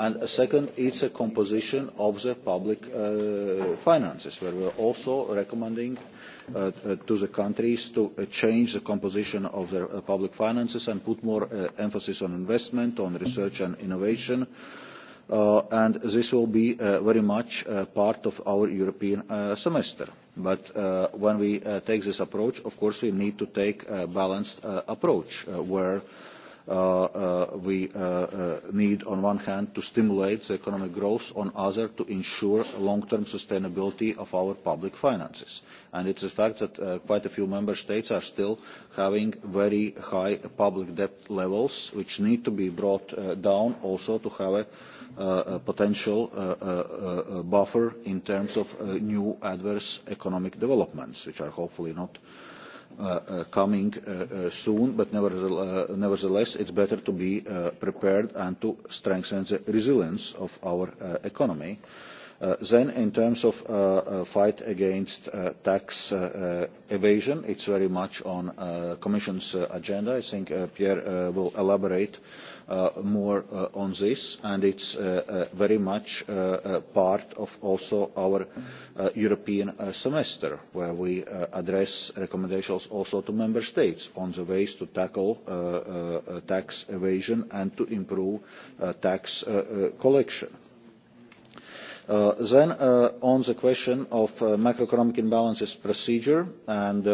Speaker 3: And a second, is a composition of the public uh, finances, where we are also recommending uh, uh, to the countries to uh, change the composition of their uh, public finances and put more uh, emphasis on investment, on research and innovation. and this will be very much part of our European semester. But when we take this approach, of course, we need to take a balanced approach where Uh, uh, we uh, need on one hand to stimulate the economic growth, on the other to ensure long-term sustainability of our public finances. And is a fact that quite a few member states are still having very high public debt levels, which need to be brought down also to have a Uh, potential uh, uh, buffer in terms of new adverse economic developments, which are hopefully not Uh, uh, coming uh, soon, but nevertheless, it is better to be prepared and to strengthen the resilience of our economy. Uh, then uh, in terms of uh, uh fight against uh, tax evasion, it's very much on the Commission's agenda. I think Pierre will elaborate more on this, and it's very much part of also our European semester, where we address recommendations also to member states on the ways to tackle tax evasion and to improve tax collection. Uh, then uh, on the question of uh, macroeconomic imbalances procedure and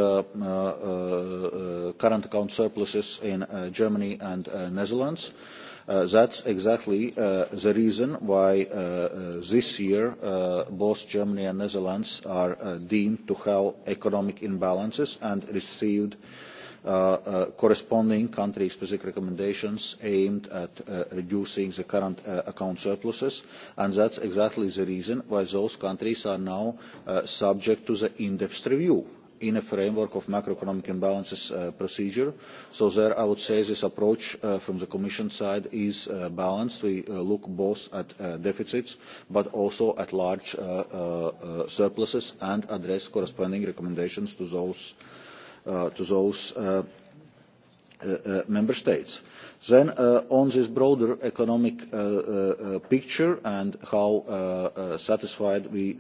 Speaker 3: current account surpluses in Germany and the Netherlands, that is exactly the reason why this year both Germany and the Netherlands are deemed to have economic imbalances and received Uh, uh, corresponding country-specific recommendations aimed at uh, reducing the current account surpluses, and that is exactly the reason why those countries are now subject to the in-depth review in a framework of macroeconomic imbalances procedure. So there, I would say this approach from the Commission side is balanced. We look both at deficits, but also at large surpluses and address corresponding recommendations to those Uh, to those uh, uh, member states. Then on this broader economic picture and how satisfied we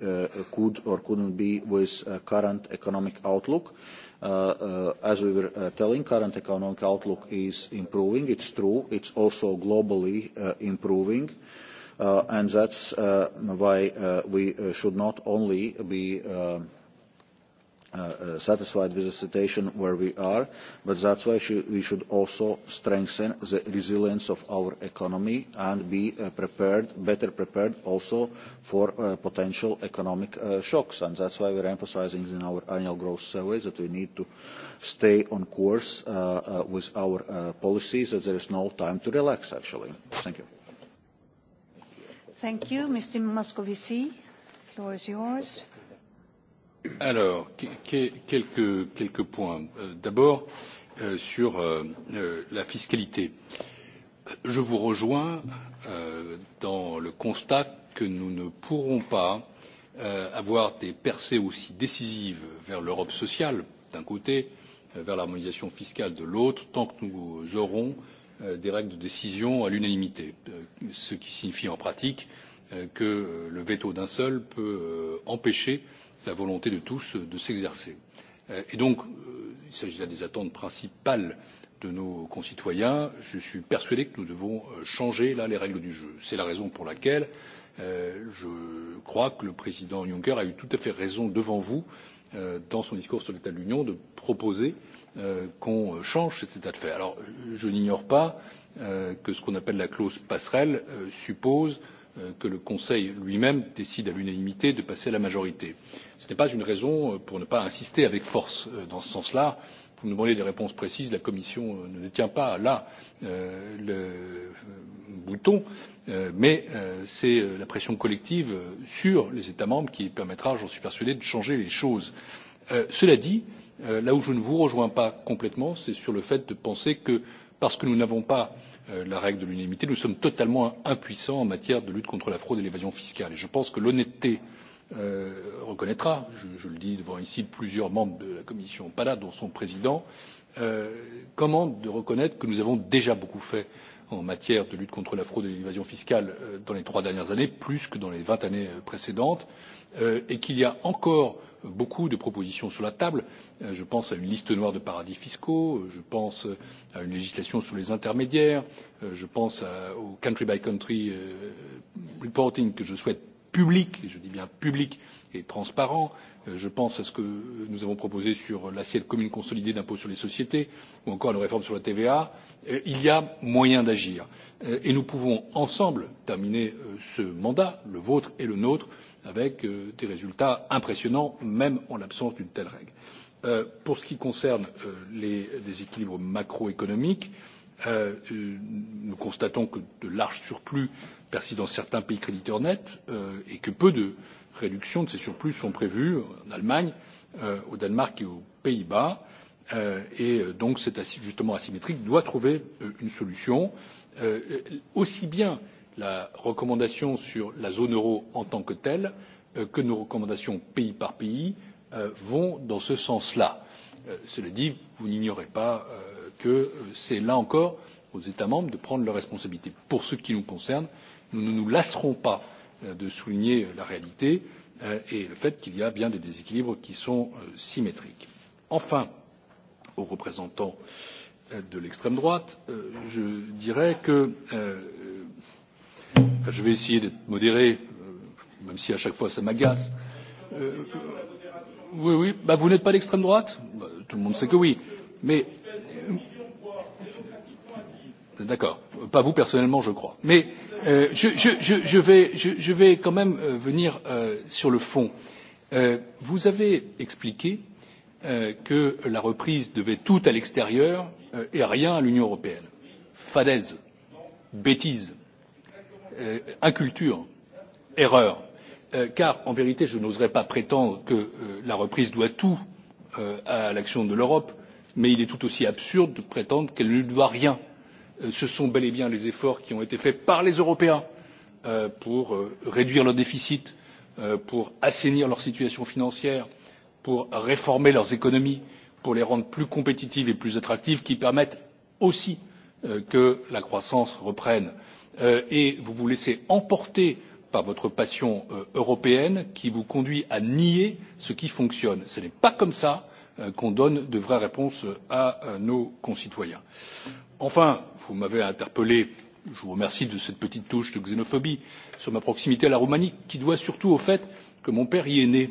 Speaker 3: could or couldn't be with current economic outlook, Uh, uh, as we were uh, telling, current economic outlook is improving. It's true. It's also globally improving. and That's why we should not only be Uh, uh, satisfied with the situation where we are, but that's why we should also strengthen the resilience of our economy and be uh, prepared, better prepared also for uh, potential economic uh, shocks. And that's why we're emphasising in our annual growth survey that we need to stay on course uh, with our policies, that there is no time to relax, actually. Thank you.
Speaker 10: Thank you. Mr. Moscovici, floor is yours.
Speaker 4: Alors, quelques, quelques points. Euh, d'abord, euh, sur euh, la fiscalité. Je vous rejoins dans le constat que nous ne pourrons pas avoir des percées aussi décisives vers l'Europe sociale, d'un côté, vers l'harmonisation fiscale de l'autre, tant que nous aurons des règles de décision à l'unanimité, ce qui signifie en pratique que le veto d'un seul peut empêcher la volonté de tous de s'exercer. Euh, et donc euh, il s'agit là des attentes principales de nos concitoyens. je suis persuadé que nous devons euh, changer là les règles du jeu. c'est la raison pour laquelle je crois que le président juncker a eu tout à fait raison devant vous dans son discours sur l'état de l'union de proposer qu'on change cet état de fait. alors je n'ignore pas que ce qu'on appelle la clause passerelle suppose Euh, que le conseil lui même décide à l'unanimité de passer à la majorité. ce n'est pas une raison euh, pour ne pas insister avec force euh, dans ce sens là. vous nous demandez des réponses précises la commission ne détient pas là le bouton mais c'est la pression collective sur les états membres qui permettra j'en suis persuadé de changer les choses. cela dit là où je ne vous rejoins pas complètement c'est sur le fait de penser que parce que nous n'avons Euh, la règle de l'unanimité nous sommes totalement impuissants en matière de lutte contre la fraude et l'évasion fiscales et je pense que l'honnêteté euh, reconnaîtra je le dis devant ici plusieurs membres de la commission pana dont son président euh, commande de reconnaître que nous avons déjà beaucoup fait en matière de lutte contre la fraude et l'évasion fiscales dans les trois dernières années plus que dans les vingt années précédentes et qu'il y a encore beaucoup de propositions sur la table euh, je pense à une liste noire de paradis fiscaux euh, je pense euh, à une législation sur les intermédiaires je pense au country by country reporting que je souhaite public et je dis bien public et transparent je pense à ce que nous avons proposé sur l'assiette commune consolidée d'impôt sur les sociétés ou encore à la réforme sur la tva il y a moyen d'agir et nous pouvons ensemble terminer ce mandat le vôtre et le nôtre avec euh, des résultats impressionnants même en l'absence d'une telle règle. Euh, pour ce qui concerne euh, les déséquilibres macroéconomiques nous constatons que de larges surplus persistent dans certains pays créditeurs nets et que peu de réductions de ces surplus sont prévues en allemagne au danemark et aux pays bas et donc cet ajustement asymétrique doit trouver une solution aussi bien la recommandation sur la zone euro en tant que telle euh, que nos recommandations pays par pays euh, vont dans ce sens là. Euh, cela dit vous n'ignorez pas que c'est là encore aux états membres de prendre leurs responsabilités. pour ce qui nous concerne nous ne nous lasserons pas de souligner la réalité et le fait qu'il y a bien des déséquilibres qui sont symétriques. enfin aux représentants de l'extrême droite je dirais que je vais essayer d'être modéré, euh, même si à chaque fois ça m'agace. Euh, oui, oui, bah vous n'êtes pas d'extrême droite bah, Tout le monde sait que oui. Mais. Euh, d'accord. Pas vous personnellement, je crois. Mais euh, je, je, je, je, vais, je, je vais quand même euh, venir euh, sur le fond. Euh, vous avez expliqué euh, que la reprise devait tout à l'extérieur euh, et rien à l'Union européenne. Fadaise. Bêtise Euh, inculture erreur euh, car en vérité je n'oserais pas prétendre que euh, la reprise doit tout à l'action de l'europe mais il est tout aussi absurde de prétendre qu'elle ne lui doit rien. ce sont bel et bien les efforts qui ont été faits par les européens pour réduire leur déficit pour assainir leur situation financière pour réformer leurs économies pour les rendre plus compétitives et plus attractives qui permettent aussi que la croissance reprenne. Euh, et vous vous laissez emporter par votre passion euh, européenne qui vous conduit à nier ce qui fonctionne. ce n'est pas comme cela euh, qu'on donne de vraies réponses à nos concitoyens. enfin vous m'avez interpellé je vous remercie de cette petite touche de xénophobie sur ma proximité à la roumanie qui doit surtout au fait que mon père y est né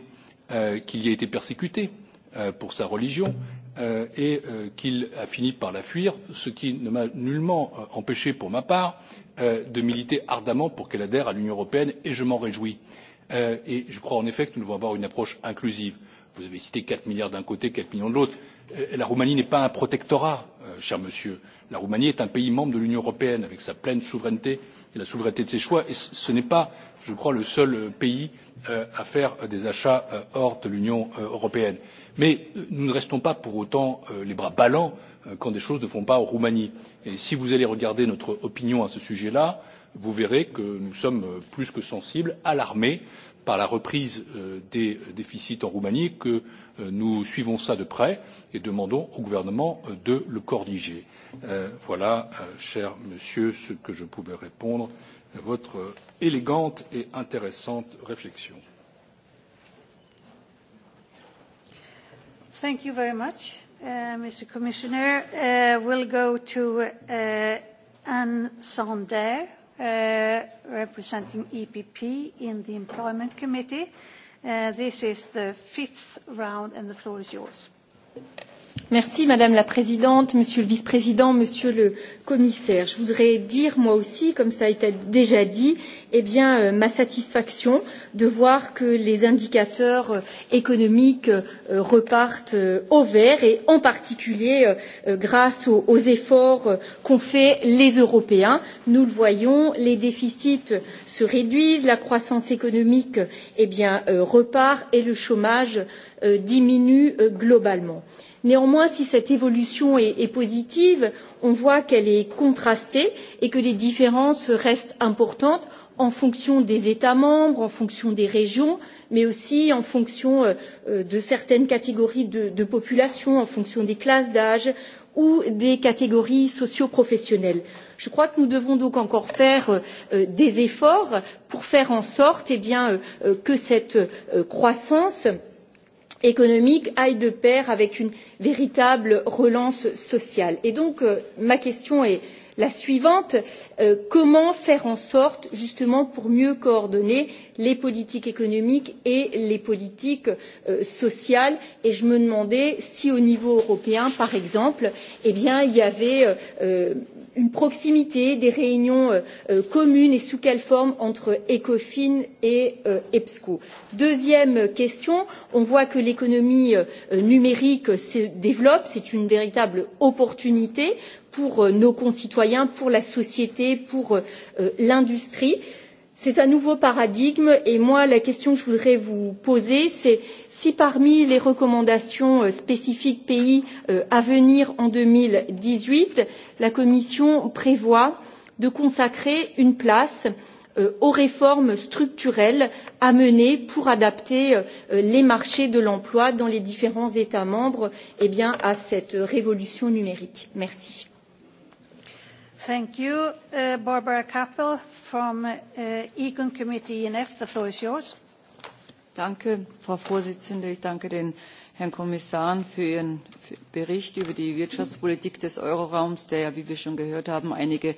Speaker 4: qu'il y a été persécuté pour sa religion et qu'il a fini par la fuir ce qui ne m'a nullement empêché pour ma part Euh, de militer ardemment pour qu'elle adhère à l'union européenne et je m'en réjouis euh, je crois en effet que nous devons avoir une approche inclusive. vous avez cité quatre milliards d'un côté quatre millions de l'autre euh, la roumanie n'est pas un protectorat cher monsieur la roumanie est un pays membre de l'union européenne avec sa pleine souveraineté et la souveraineté de ses choix et ce n'est pas je crois le seul euh, pays euh, à faire euh, des achats hors de l'union européenne mais nous ne restons pas pour autant les bras ballants quand des choses ne vont pas en roumanie et si vous allez regarder notre opinion à ce sujet là vous verrez que nous sommes plus que sensibles alarmés par la reprise des déficits en roumanie que nous suivons cela de près et demandons au gouvernement de le corriger. voilà cher monsieur ce que je pouvais répondre votre élégante et intéressante réflexion.
Speaker 10: Thank you very much, uh, Mr. Commissioner. Uh, we'll go to uh, Anne Sander, uh, representing EPP in the Employment Committee. Uh, this is the fifth round, and the floor is yours. Thank
Speaker 17: you. Merci, madame la présidente monsieur le vice président monsieur le commissaire je voudrais dire moi aussi comme cela a été déjà dit eh euh, ma satisfaction de voir que les indicateurs euh, économiques euh, repartent au vert et en particulier grâce aux, efforts qu'ont faits les européens nous le voyons les déficits se réduisent la croissance économique eh repart et le chômage diminue globalement. Néanmoins, si cette évolution est, est positive, on voit qu'elle est contrastée et que les différences restent importantes en fonction des États membres, en fonction des régions, mais aussi en fonction euh, euh, de certaines catégories de, de population, en fonction des classes d'âge ou des catégories socioprofessionnelles. Je crois que nous devons donc encore faire euh, des efforts pour faire en sorte eh bien, que cette croissance économique aille de pair avec une véritable relance sociale. Et donc, euh, ma question est la suivante euh, comment faire en sorte, justement, pour mieux coordonner les politiques économiques et les politiques euh, sociales Et je me demandais si, au niveau européen, par exemple, eh bien, il y avait une proximité des réunions euh, euh, communes et sous quelle forme entre ECOFIN et euh, EBSCO. Deuxième question, on voit que l'économie euh, numérique se développe, c'est une véritable opportunité pour euh, nos concitoyens, pour la société, pour euh, l'industrie. C'est un nouveau paradigme et moi la question que je voudrais vous poser c'est si parmi les recommandations euh, spécifiques pays euh, à venir en deux mille dix huit la commission prévoit de consacrer une place euh, aux réformes structurelles à mener pour adapter les marchés de l'emploi dans les différents États membres eh bien, à cette révolution numérique. Merci.
Speaker 10: Thank you, uh, Barbara Kappel from uh, Econ
Speaker 18: Committee ENF. The floor is yours. Danke, Frau Präsidentin. Ich danke den Herrn Kommissaren für Ihren Bericht über die Wirtschaftspolitik des Euroraums, der ja, wie wir schon gehört haben, einige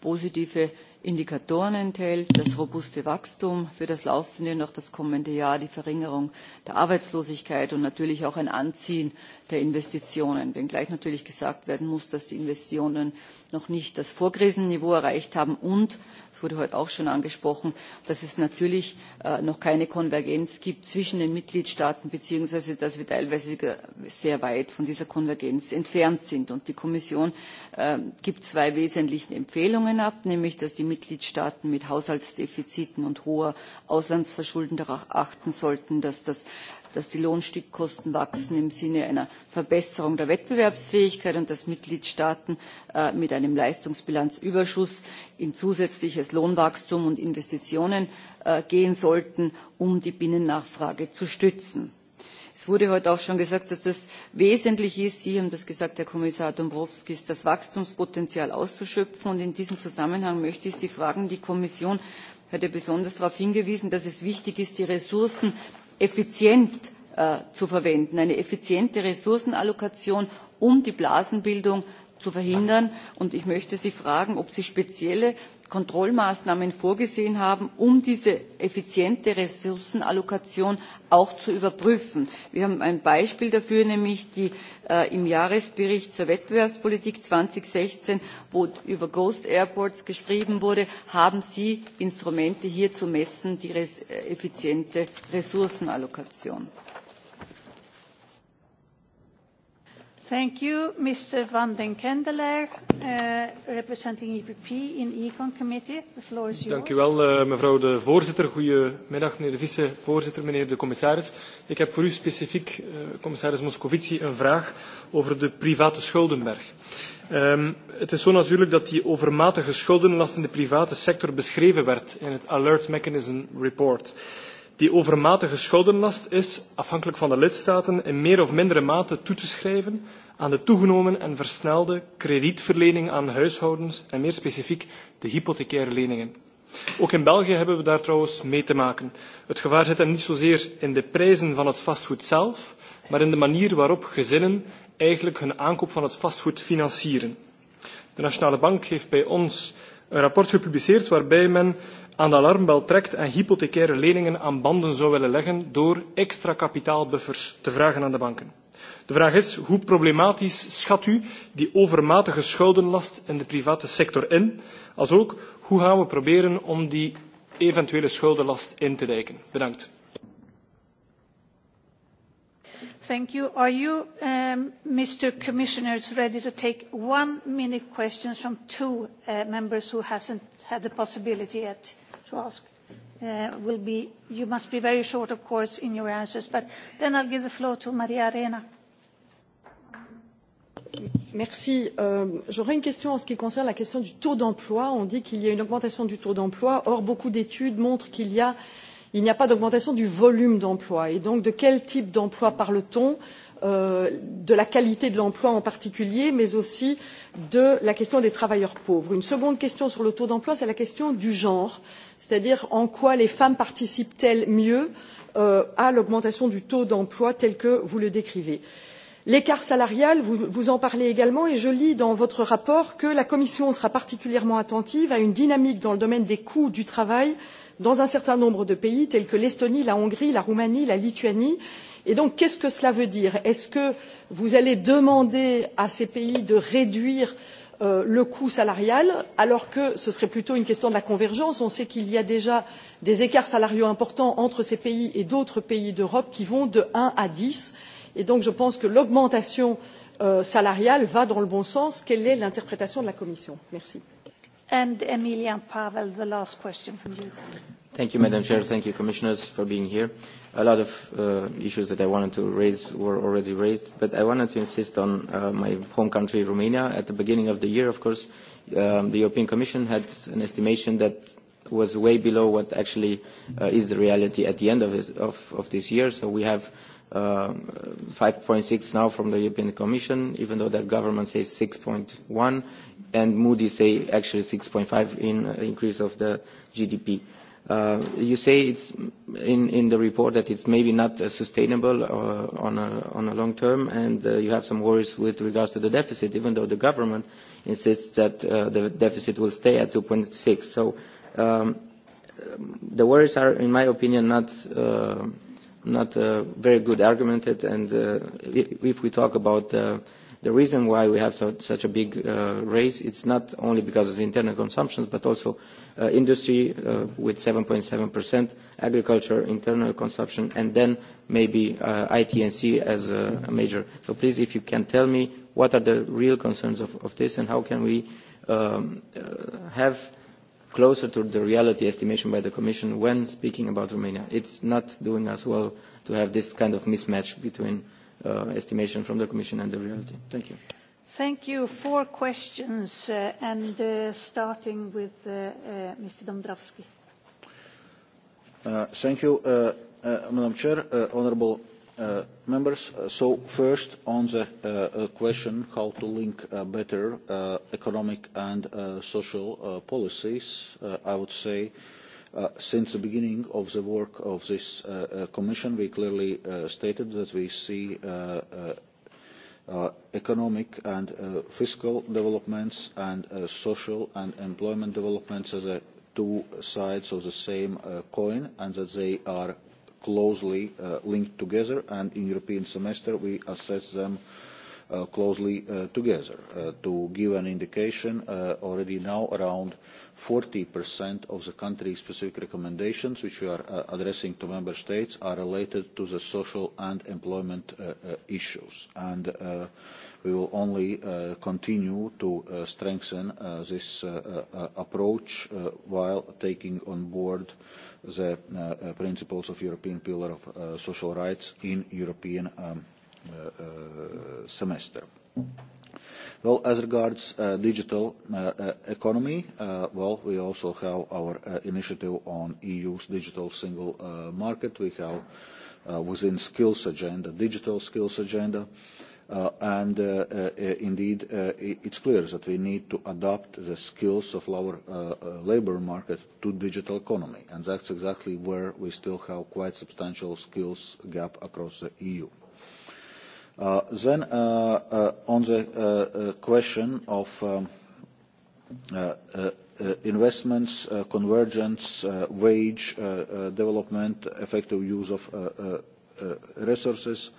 Speaker 18: positive Indikatoren enthält, das robuste Wachstum für das laufende und auch das kommende Jahr, die Verringerung der arbeitslosigkeit und natürlich auch ein anziehen der investitionen wenngleich natürlich gesagt werden muss dass die investitionen noch nicht das vorkrisenniveau erreicht haben und es wurde heute auch schon angesprochen dass es natürlich äh, noch keine konvergenz gibt zwischen den mitgliedstaaten beziehungsweise dass wir teilweise sehr weit von dieser konvergenz entfernt sind. Und die kommission äh, gibt zwei wesentliche empfehlungen ab nämlich dass die mitgliedstaaten mit haushaltsdefiziten und hoher auslandsverschuldung darauf achten sollten dass das dass die Lohnstückkosten wachsen im Sinne einer Verbesserung der Wettbewerbsfähigkeit und dass Mitgliedstaaten äh, mit einem Leistungsbilanzüberschuss in zusätzliches Lohnwachstum und Investitionen äh, gehen sollten, um die Binnennachfrage zu stützen. Es wurde heute auch schon gesagt, dass es das wesentlich ist, Sie haben das gesagt, Herr Kommissar Dombrovskis, das Wachstumspotenzial auszuschöpfen. Und in diesem Zusammenhang möchte ich Sie fragen, die Kommission hat ja besonders darauf hingewiesen, dass es wichtig ist, die Ressourcen effizient äh, zu verwenden eine effiziente ressourcenallokation um die blasenbildung zu verhindern. Und ich möchte Sie fragen, ob Sie spezielle Kontrollmaßnahmen vorgesehen haben, um diese effiziente Ressourcenallokation auch zu überprüfen. Wir haben ein Beispiel dafür, nämlich die, äh, im Jahresbericht zur Wettbewerbspolitik zweitausendsechzehn wo über Ghost Airports geschrieben wurde, haben Sie Instrumente hier zu messen, die äh, effiziente Ressourcenallokation. Thank you, Mr. van den Kendeler,
Speaker 10: uh, representing EPP in Econ Committee. The floor is yours. Dank u
Speaker 19: wel, eh, mevrouw de voorzitter. Goedemiddag, meneer de vicevoorzitter, meneer de commissaris. Ik heb voor u specifiek, eh, commissaris Moscovici, een vraag over de private schuldenberg. Um, het is zo natuurlijk dat die overmatige schuldenlast in de private sector beschreven werd in het Alert Mechanism Report die overmatige schouderlast is, afhankelijk van de lidstaten, in meer of mindere mate toe te schrijven aan de toegenomen en versnelde kredietverlening aan huishoudens en meer specifiek de hypothecaire leningen. Ook in België hebben we daar trouwens mee te maken. Het gevaar zit hem niet zozeer in de prijzen van het vastgoed zelf, maar in de manier waarop gezinnen eigenlijk hun aankoop van het vastgoed financieren. De Nationale Bank heeft bij ons een rapport gepubliceerd waarbij men aan de alarmbel trekt en hypothecaire leningen aan banden zou willen leggen door extra kapitaalbuffers te vragen aan de banken. De vraag is, hoe problematisch schat u die overmatige schuldenlast in de private sector in? Als ook, hoe gaan we proberen om die eventuele schuldenlast in te dijken? Bedankt.
Speaker 10: Thank you. Are you, um, Mr. ready to take one-minute questions from two uh, members who hasn't had the possibility yet? to ask uh, will be, you must be very short, of course, in your answers, but then I'll give the floor to Maria Arena.
Speaker 20: Merci. Euh, J'aurais une question en ce qui concerne la question du taux d'emploi. On dit qu'il y a une augmentation du taux d'emploi. Or, beaucoup d'études montrent qu'il y a il n'y a pas d'augmentation du volume d'emploi. Et donc, de quel type d'emploi parle-t-on euh, De la qualité de l'emploi en particulier, mais aussi de la question des travailleurs pauvres. Une seconde question sur le taux d'emploi, c'est la question du genre. Euh, c'est à dire en quoi les femmes participent elles mieux euh, à l'augmentation du taux d'emploi tel que vous le décrivez. l'écart salarial vous, vous en parlez également et je lis dans votre rapport que la commission sera particulièrement attentive à une dynamique dans le domaine des coûts du travail dans un certain nombre de pays tels que l'estonie la hongrie la roumanie la lituanie et donc qu'est ce que cela veut dire? est ce que vous allez demander à ces pays de réduire euh, Euh, le coût salarial alors que ce serait plutôt une question de la convergence. on sait qu'il y a déjà des écarts salariaux importants entre ces pays et d'autres pays d'europe qui vont de un à dix et donc je pense que l'augmentation euh, salariale va dans le bon sens. quelle est l'interprétation de la commission? merci
Speaker 1: a lot of uh, issues that I wanted to raise were already raised, but I wanted to insist on uh, my home country, Romania. At the beginning of the year, of course, um, the European Commission had an estimation that was way below what actually uh, is the reality at the end of this, of, of this year. So we have uh, um, 5.6 now from the European Commission, even though the government says 6.1, and Moody's say actually 6.5 in uh, increase of the GDP. Uh, you say it's in, in the report that it's maybe not uh, sustainable uh, on, a, on long term, and uh, you have some worries with regards to the deficit, even though the government insists that uh, the deficit will stay at 2.6. So um, the worries are, in my opinion, not, uh, not uh, very good argumented, and uh, if we talk about uh, the reason why we have such a big uh, raise, it's not only because of the internal consumption, but also Uh, industry uh, with 7.7%, agriculture, internal consumption, and then maybe uh, IT and C as a, major. So please, if you can tell me what are the real concerns of, this and how can we um, uh, have closer to the reality estimation by the Commission when speaking about Romania. It's not doing us well to have this kind of mismatch between uh, estimation from the Commission and the reality. Thank you.
Speaker 10: Thank you. Four questions, uh, and uh, starting with uh, Mr. Dombrovskis.
Speaker 3: Thank you, Madam Chair, honorable members. So first, on the question how to link better economic and social policies, I would say since the beginning of the work of this Commission, we clearly stated that we see uh, economic and uh, fiscal developments and uh, social and employment developments are the two sides of the same uh, coin and that they are closely uh, linked together and in European semester we assess them uh, closely uh, together. Uh, to give an indication, uh, already now around 40% of the country-specific recommendations which we are uh, addressing to member states are related to the social and employment uh, uh, issues. And uh, we will only uh, continue to uh, strengthen uh, this uh, uh, approach uh, while taking on board the uh, uh, principles of European Pillar of uh, Social Rights in European um, Uh, uh, semester. Well, as regards uh, digital uh, uh, economy, uh, well, we also have our initiative on EU's digital single market. We have within skills agenda, digital skills agenda. and Indeed, it's clear that we need to adapt the skills of our labor market to digital economy, and that's exactly where we still have quite substantial skills gap across the EU. Uh, then uh, uh, on the question of um, investments, convergence, wage development, effective use of resources,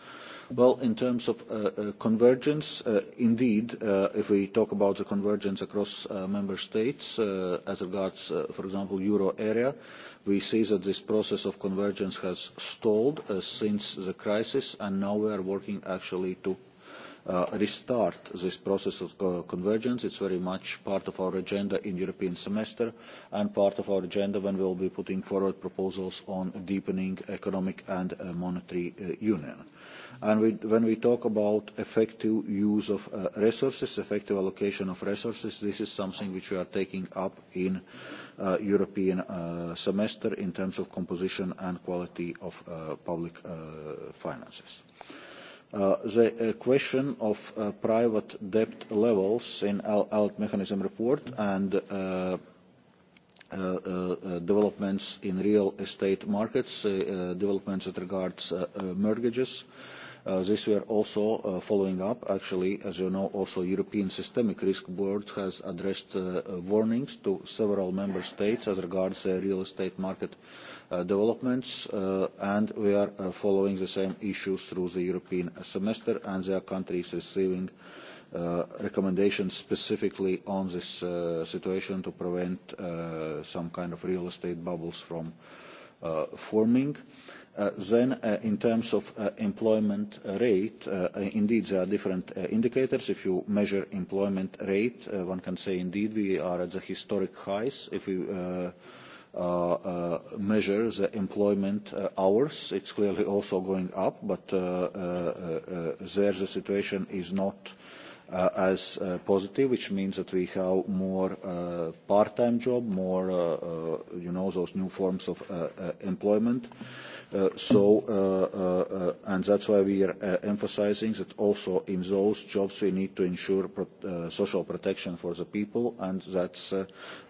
Speaker 3: Well, in terms of uh, uh, convergence, uh, indeed, uh, if we talk about the convergence across uh, member states uh, as regards, for example, euro area, we see that this process of convergence has stalled since the crisis, and now we are working actually to Uh, restart this process of co convergence. It's very much part of our agenda in European semester and part of our agenda when we will be putting forward proposals on deepening economic and uh, monetary uh, union. And we, when we talk about effective use of uh, resources, effective allocation of resources, this is something which we are taking up in uh, European uh, semester in terms of composition and quality of uh, public uh, finances. Uh, the uh, question of uh, private debt levels in ALT mechanism report and developments in real estate markets, developments that regards mortgages, uh, Uh, this we are also uh, following up. Actually, as you know, also European Systemic Risk Board has addressed uh, uh, warnings to several member states as regards uh, real estate market uh, developments, uh, and we are uh, following the same issues through the European semester, and there are countries receiving uh, recommendations specifically on this uh, situation to prevent uh, some kind of real estate bubbles from uh, forming. Uh, Uh, then uh, in terms of uh, employment rate, indeed there are different indicators. If you measure employment rate, one can say indeed we are at the historic highs. If we measure the employment hours, it's clearly also going up, but there the situation is not as positive, which means that we have more part-time job, more, you know, those new forms of employment. Uh, so, uh, uh, uh, and that's why we are emphasising that also in those jobs we need to ensure social protection for the people, and that's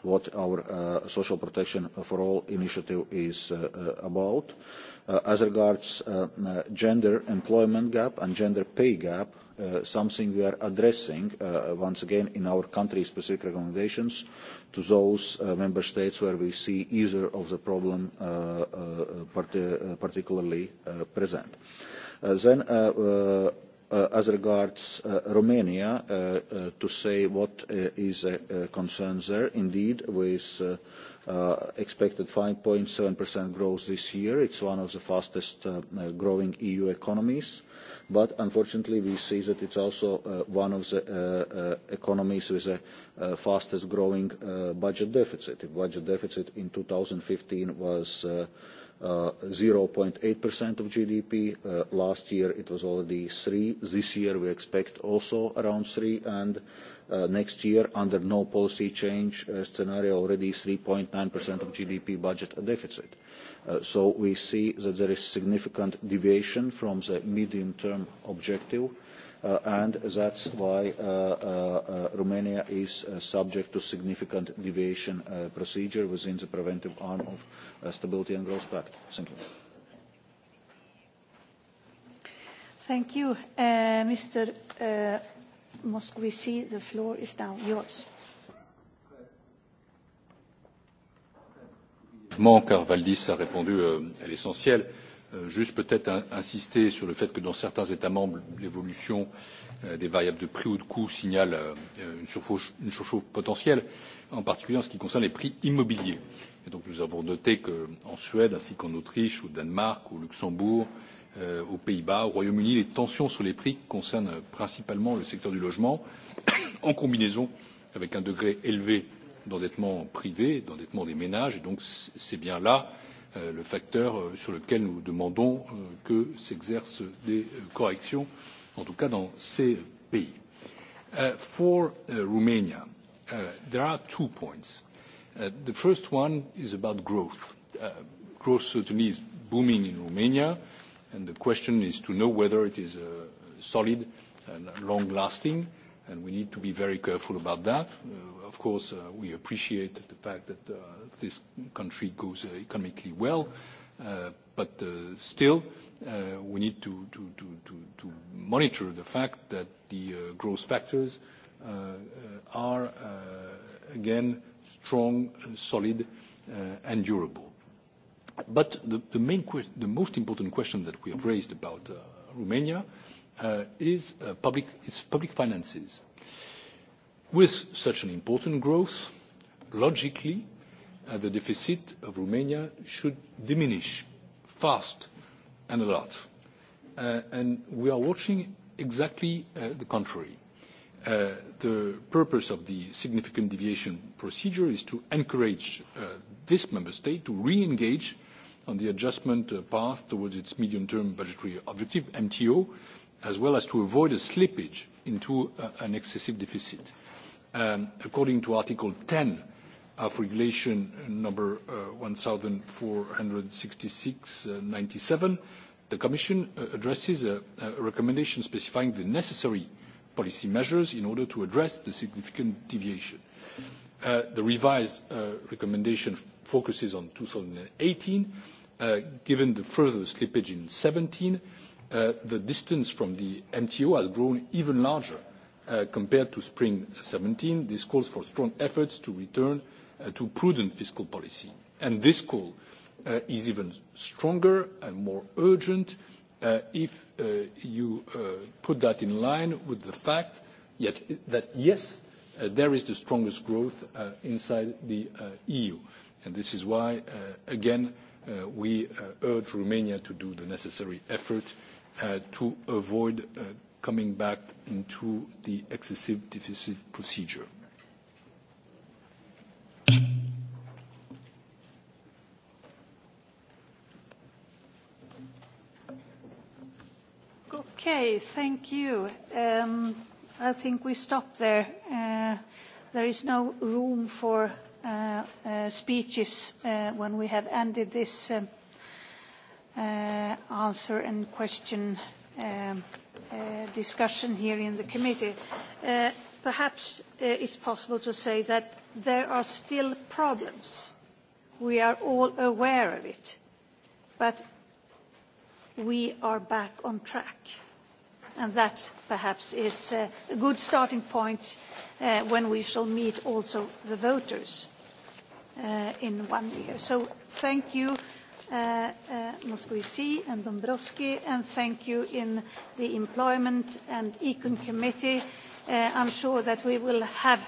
Speaker 3: what our Social Protection for All initiative is about. As regards gender employment gap and gender pay gap, Uh, something we are addressing uh, once again in our country-specific recommendations to those uh, member states where we see either of the problem uh, uh, part particularly present. then, as regards Romania, to say what is a, concern there, indeed, with Uh, expected 5.7% growth this year. It's one of the fastest uh, growing EU economies but unfortunately we see that it's also uh, one of the uh, uh, economies with the uh, fastest growing uh, budget deficit. The budget deficit in 2015 was uh, uh, 0.8% of GDP. Uh, last year it was already 3. This year we expect also around 3 and uh, next year under no policy change uh, scenario already 3.9% of GDP budget deficit. Uh, Uh, so we see that there is significant deviation from the medium-term objective, and uh, and that's why uh, Romania is subject to significant deviation procedure within the preventive arm of the Stability and Growth Pact. Thank you.
Speaker 10: Thank you. Mr. Moscovici, the floor is now yours.
Speaker 4: brièvement car valdis a répondu euh, à l'essentiel euh, juste peut être insister sur le fait que dans certains états membres l'évolution euh, des variables de prix ou de coûts signale une surchauffe potentielle en particulier en ce qui concerne les prix immobiliers. nous avons noté qu'en suède ainsi qu'en autriche au danemark au luxembourg aux pays bas au royaume uni les tensions sur les prix concernent principalement le secteur du logement en combinaison avec un degré élevé d'endettement privé d'endettement des ménages et donc c'est bien là euh, le facteur euh, sur lequel nous demandons euh, que s'exercent des corrections en tout cas dans ces pays. for romania there are two points. Uh, the first one is about growth. Uh, growth certainly is booming in romania and the question is to know whether it is uh, solid and long lasting and we need to be very careful about that. Of course, uh, we appreciate the fact that uh, this country goes uh, economically well, but still, we need to, monitor the fact that the growth factors are again strong, and solid, and durable. But the, the, main the most important question that we have raised about Romania is public, public finances with such an important growth logically uh, the deficit of romania should diminish fast and a lot uh, and we are watching exactly uh, the contrary. the purpose of the significant deviation procedure is to encourage this member state to re engage on the adjustment path towards its medium term budgetary objective mto as well as to avoid a slippage into an excessive deficit Um, according to Article ten of Regulation number six ninety seven, the Commission uh, addresses a, recommendation specifying the necessary policy measures in order to address the significant deviation. Uh, the revised uh, recommendation focuses on eighteen. Given the further slippage in seventeen, the distance from the MTO has grown even larger Uh, compared to spring 2017. This calls for strong efforts to return uh, to prudent fiscal policy. and This call uh, is even stronger and more urgent if you put that in line with the fact that, yes, there is the strongest growth inside the EU. and This is why, again, we urge Romania to do the necessary effort to avoid coming back into the excessive deficit procedure.
Speaker 10: Okay, thank you. Um, I think we stop there. Uh, there is no room for uh, uh, speeches when we have ended this um, answer and question um, Uh, discussion here in the committee. Uh, perhaps uh, it's possible to say that there are still problems. We are all aware of it, but we are back on track, and that perhaps is uh, a good starting point when we shall meet also the voters in one year. So Thank you Uh, uh, Moscovici and Dombrovski, and thank you in the Employment and Econ Committee. Uh, I'm sure that we will have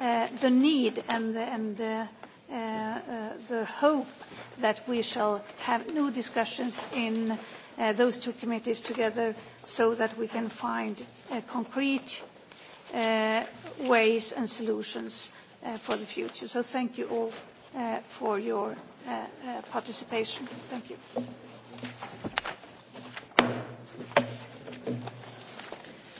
Speaker 10: uh, the need and, and uh, uh, the hope that we shall have new discussions in uh, those two committees together so that we can find uh, concrete uh, ways and solutions uh, for the future. So thank you all uh, for your Uh, uh, participation.
Speaker 18: Thank you.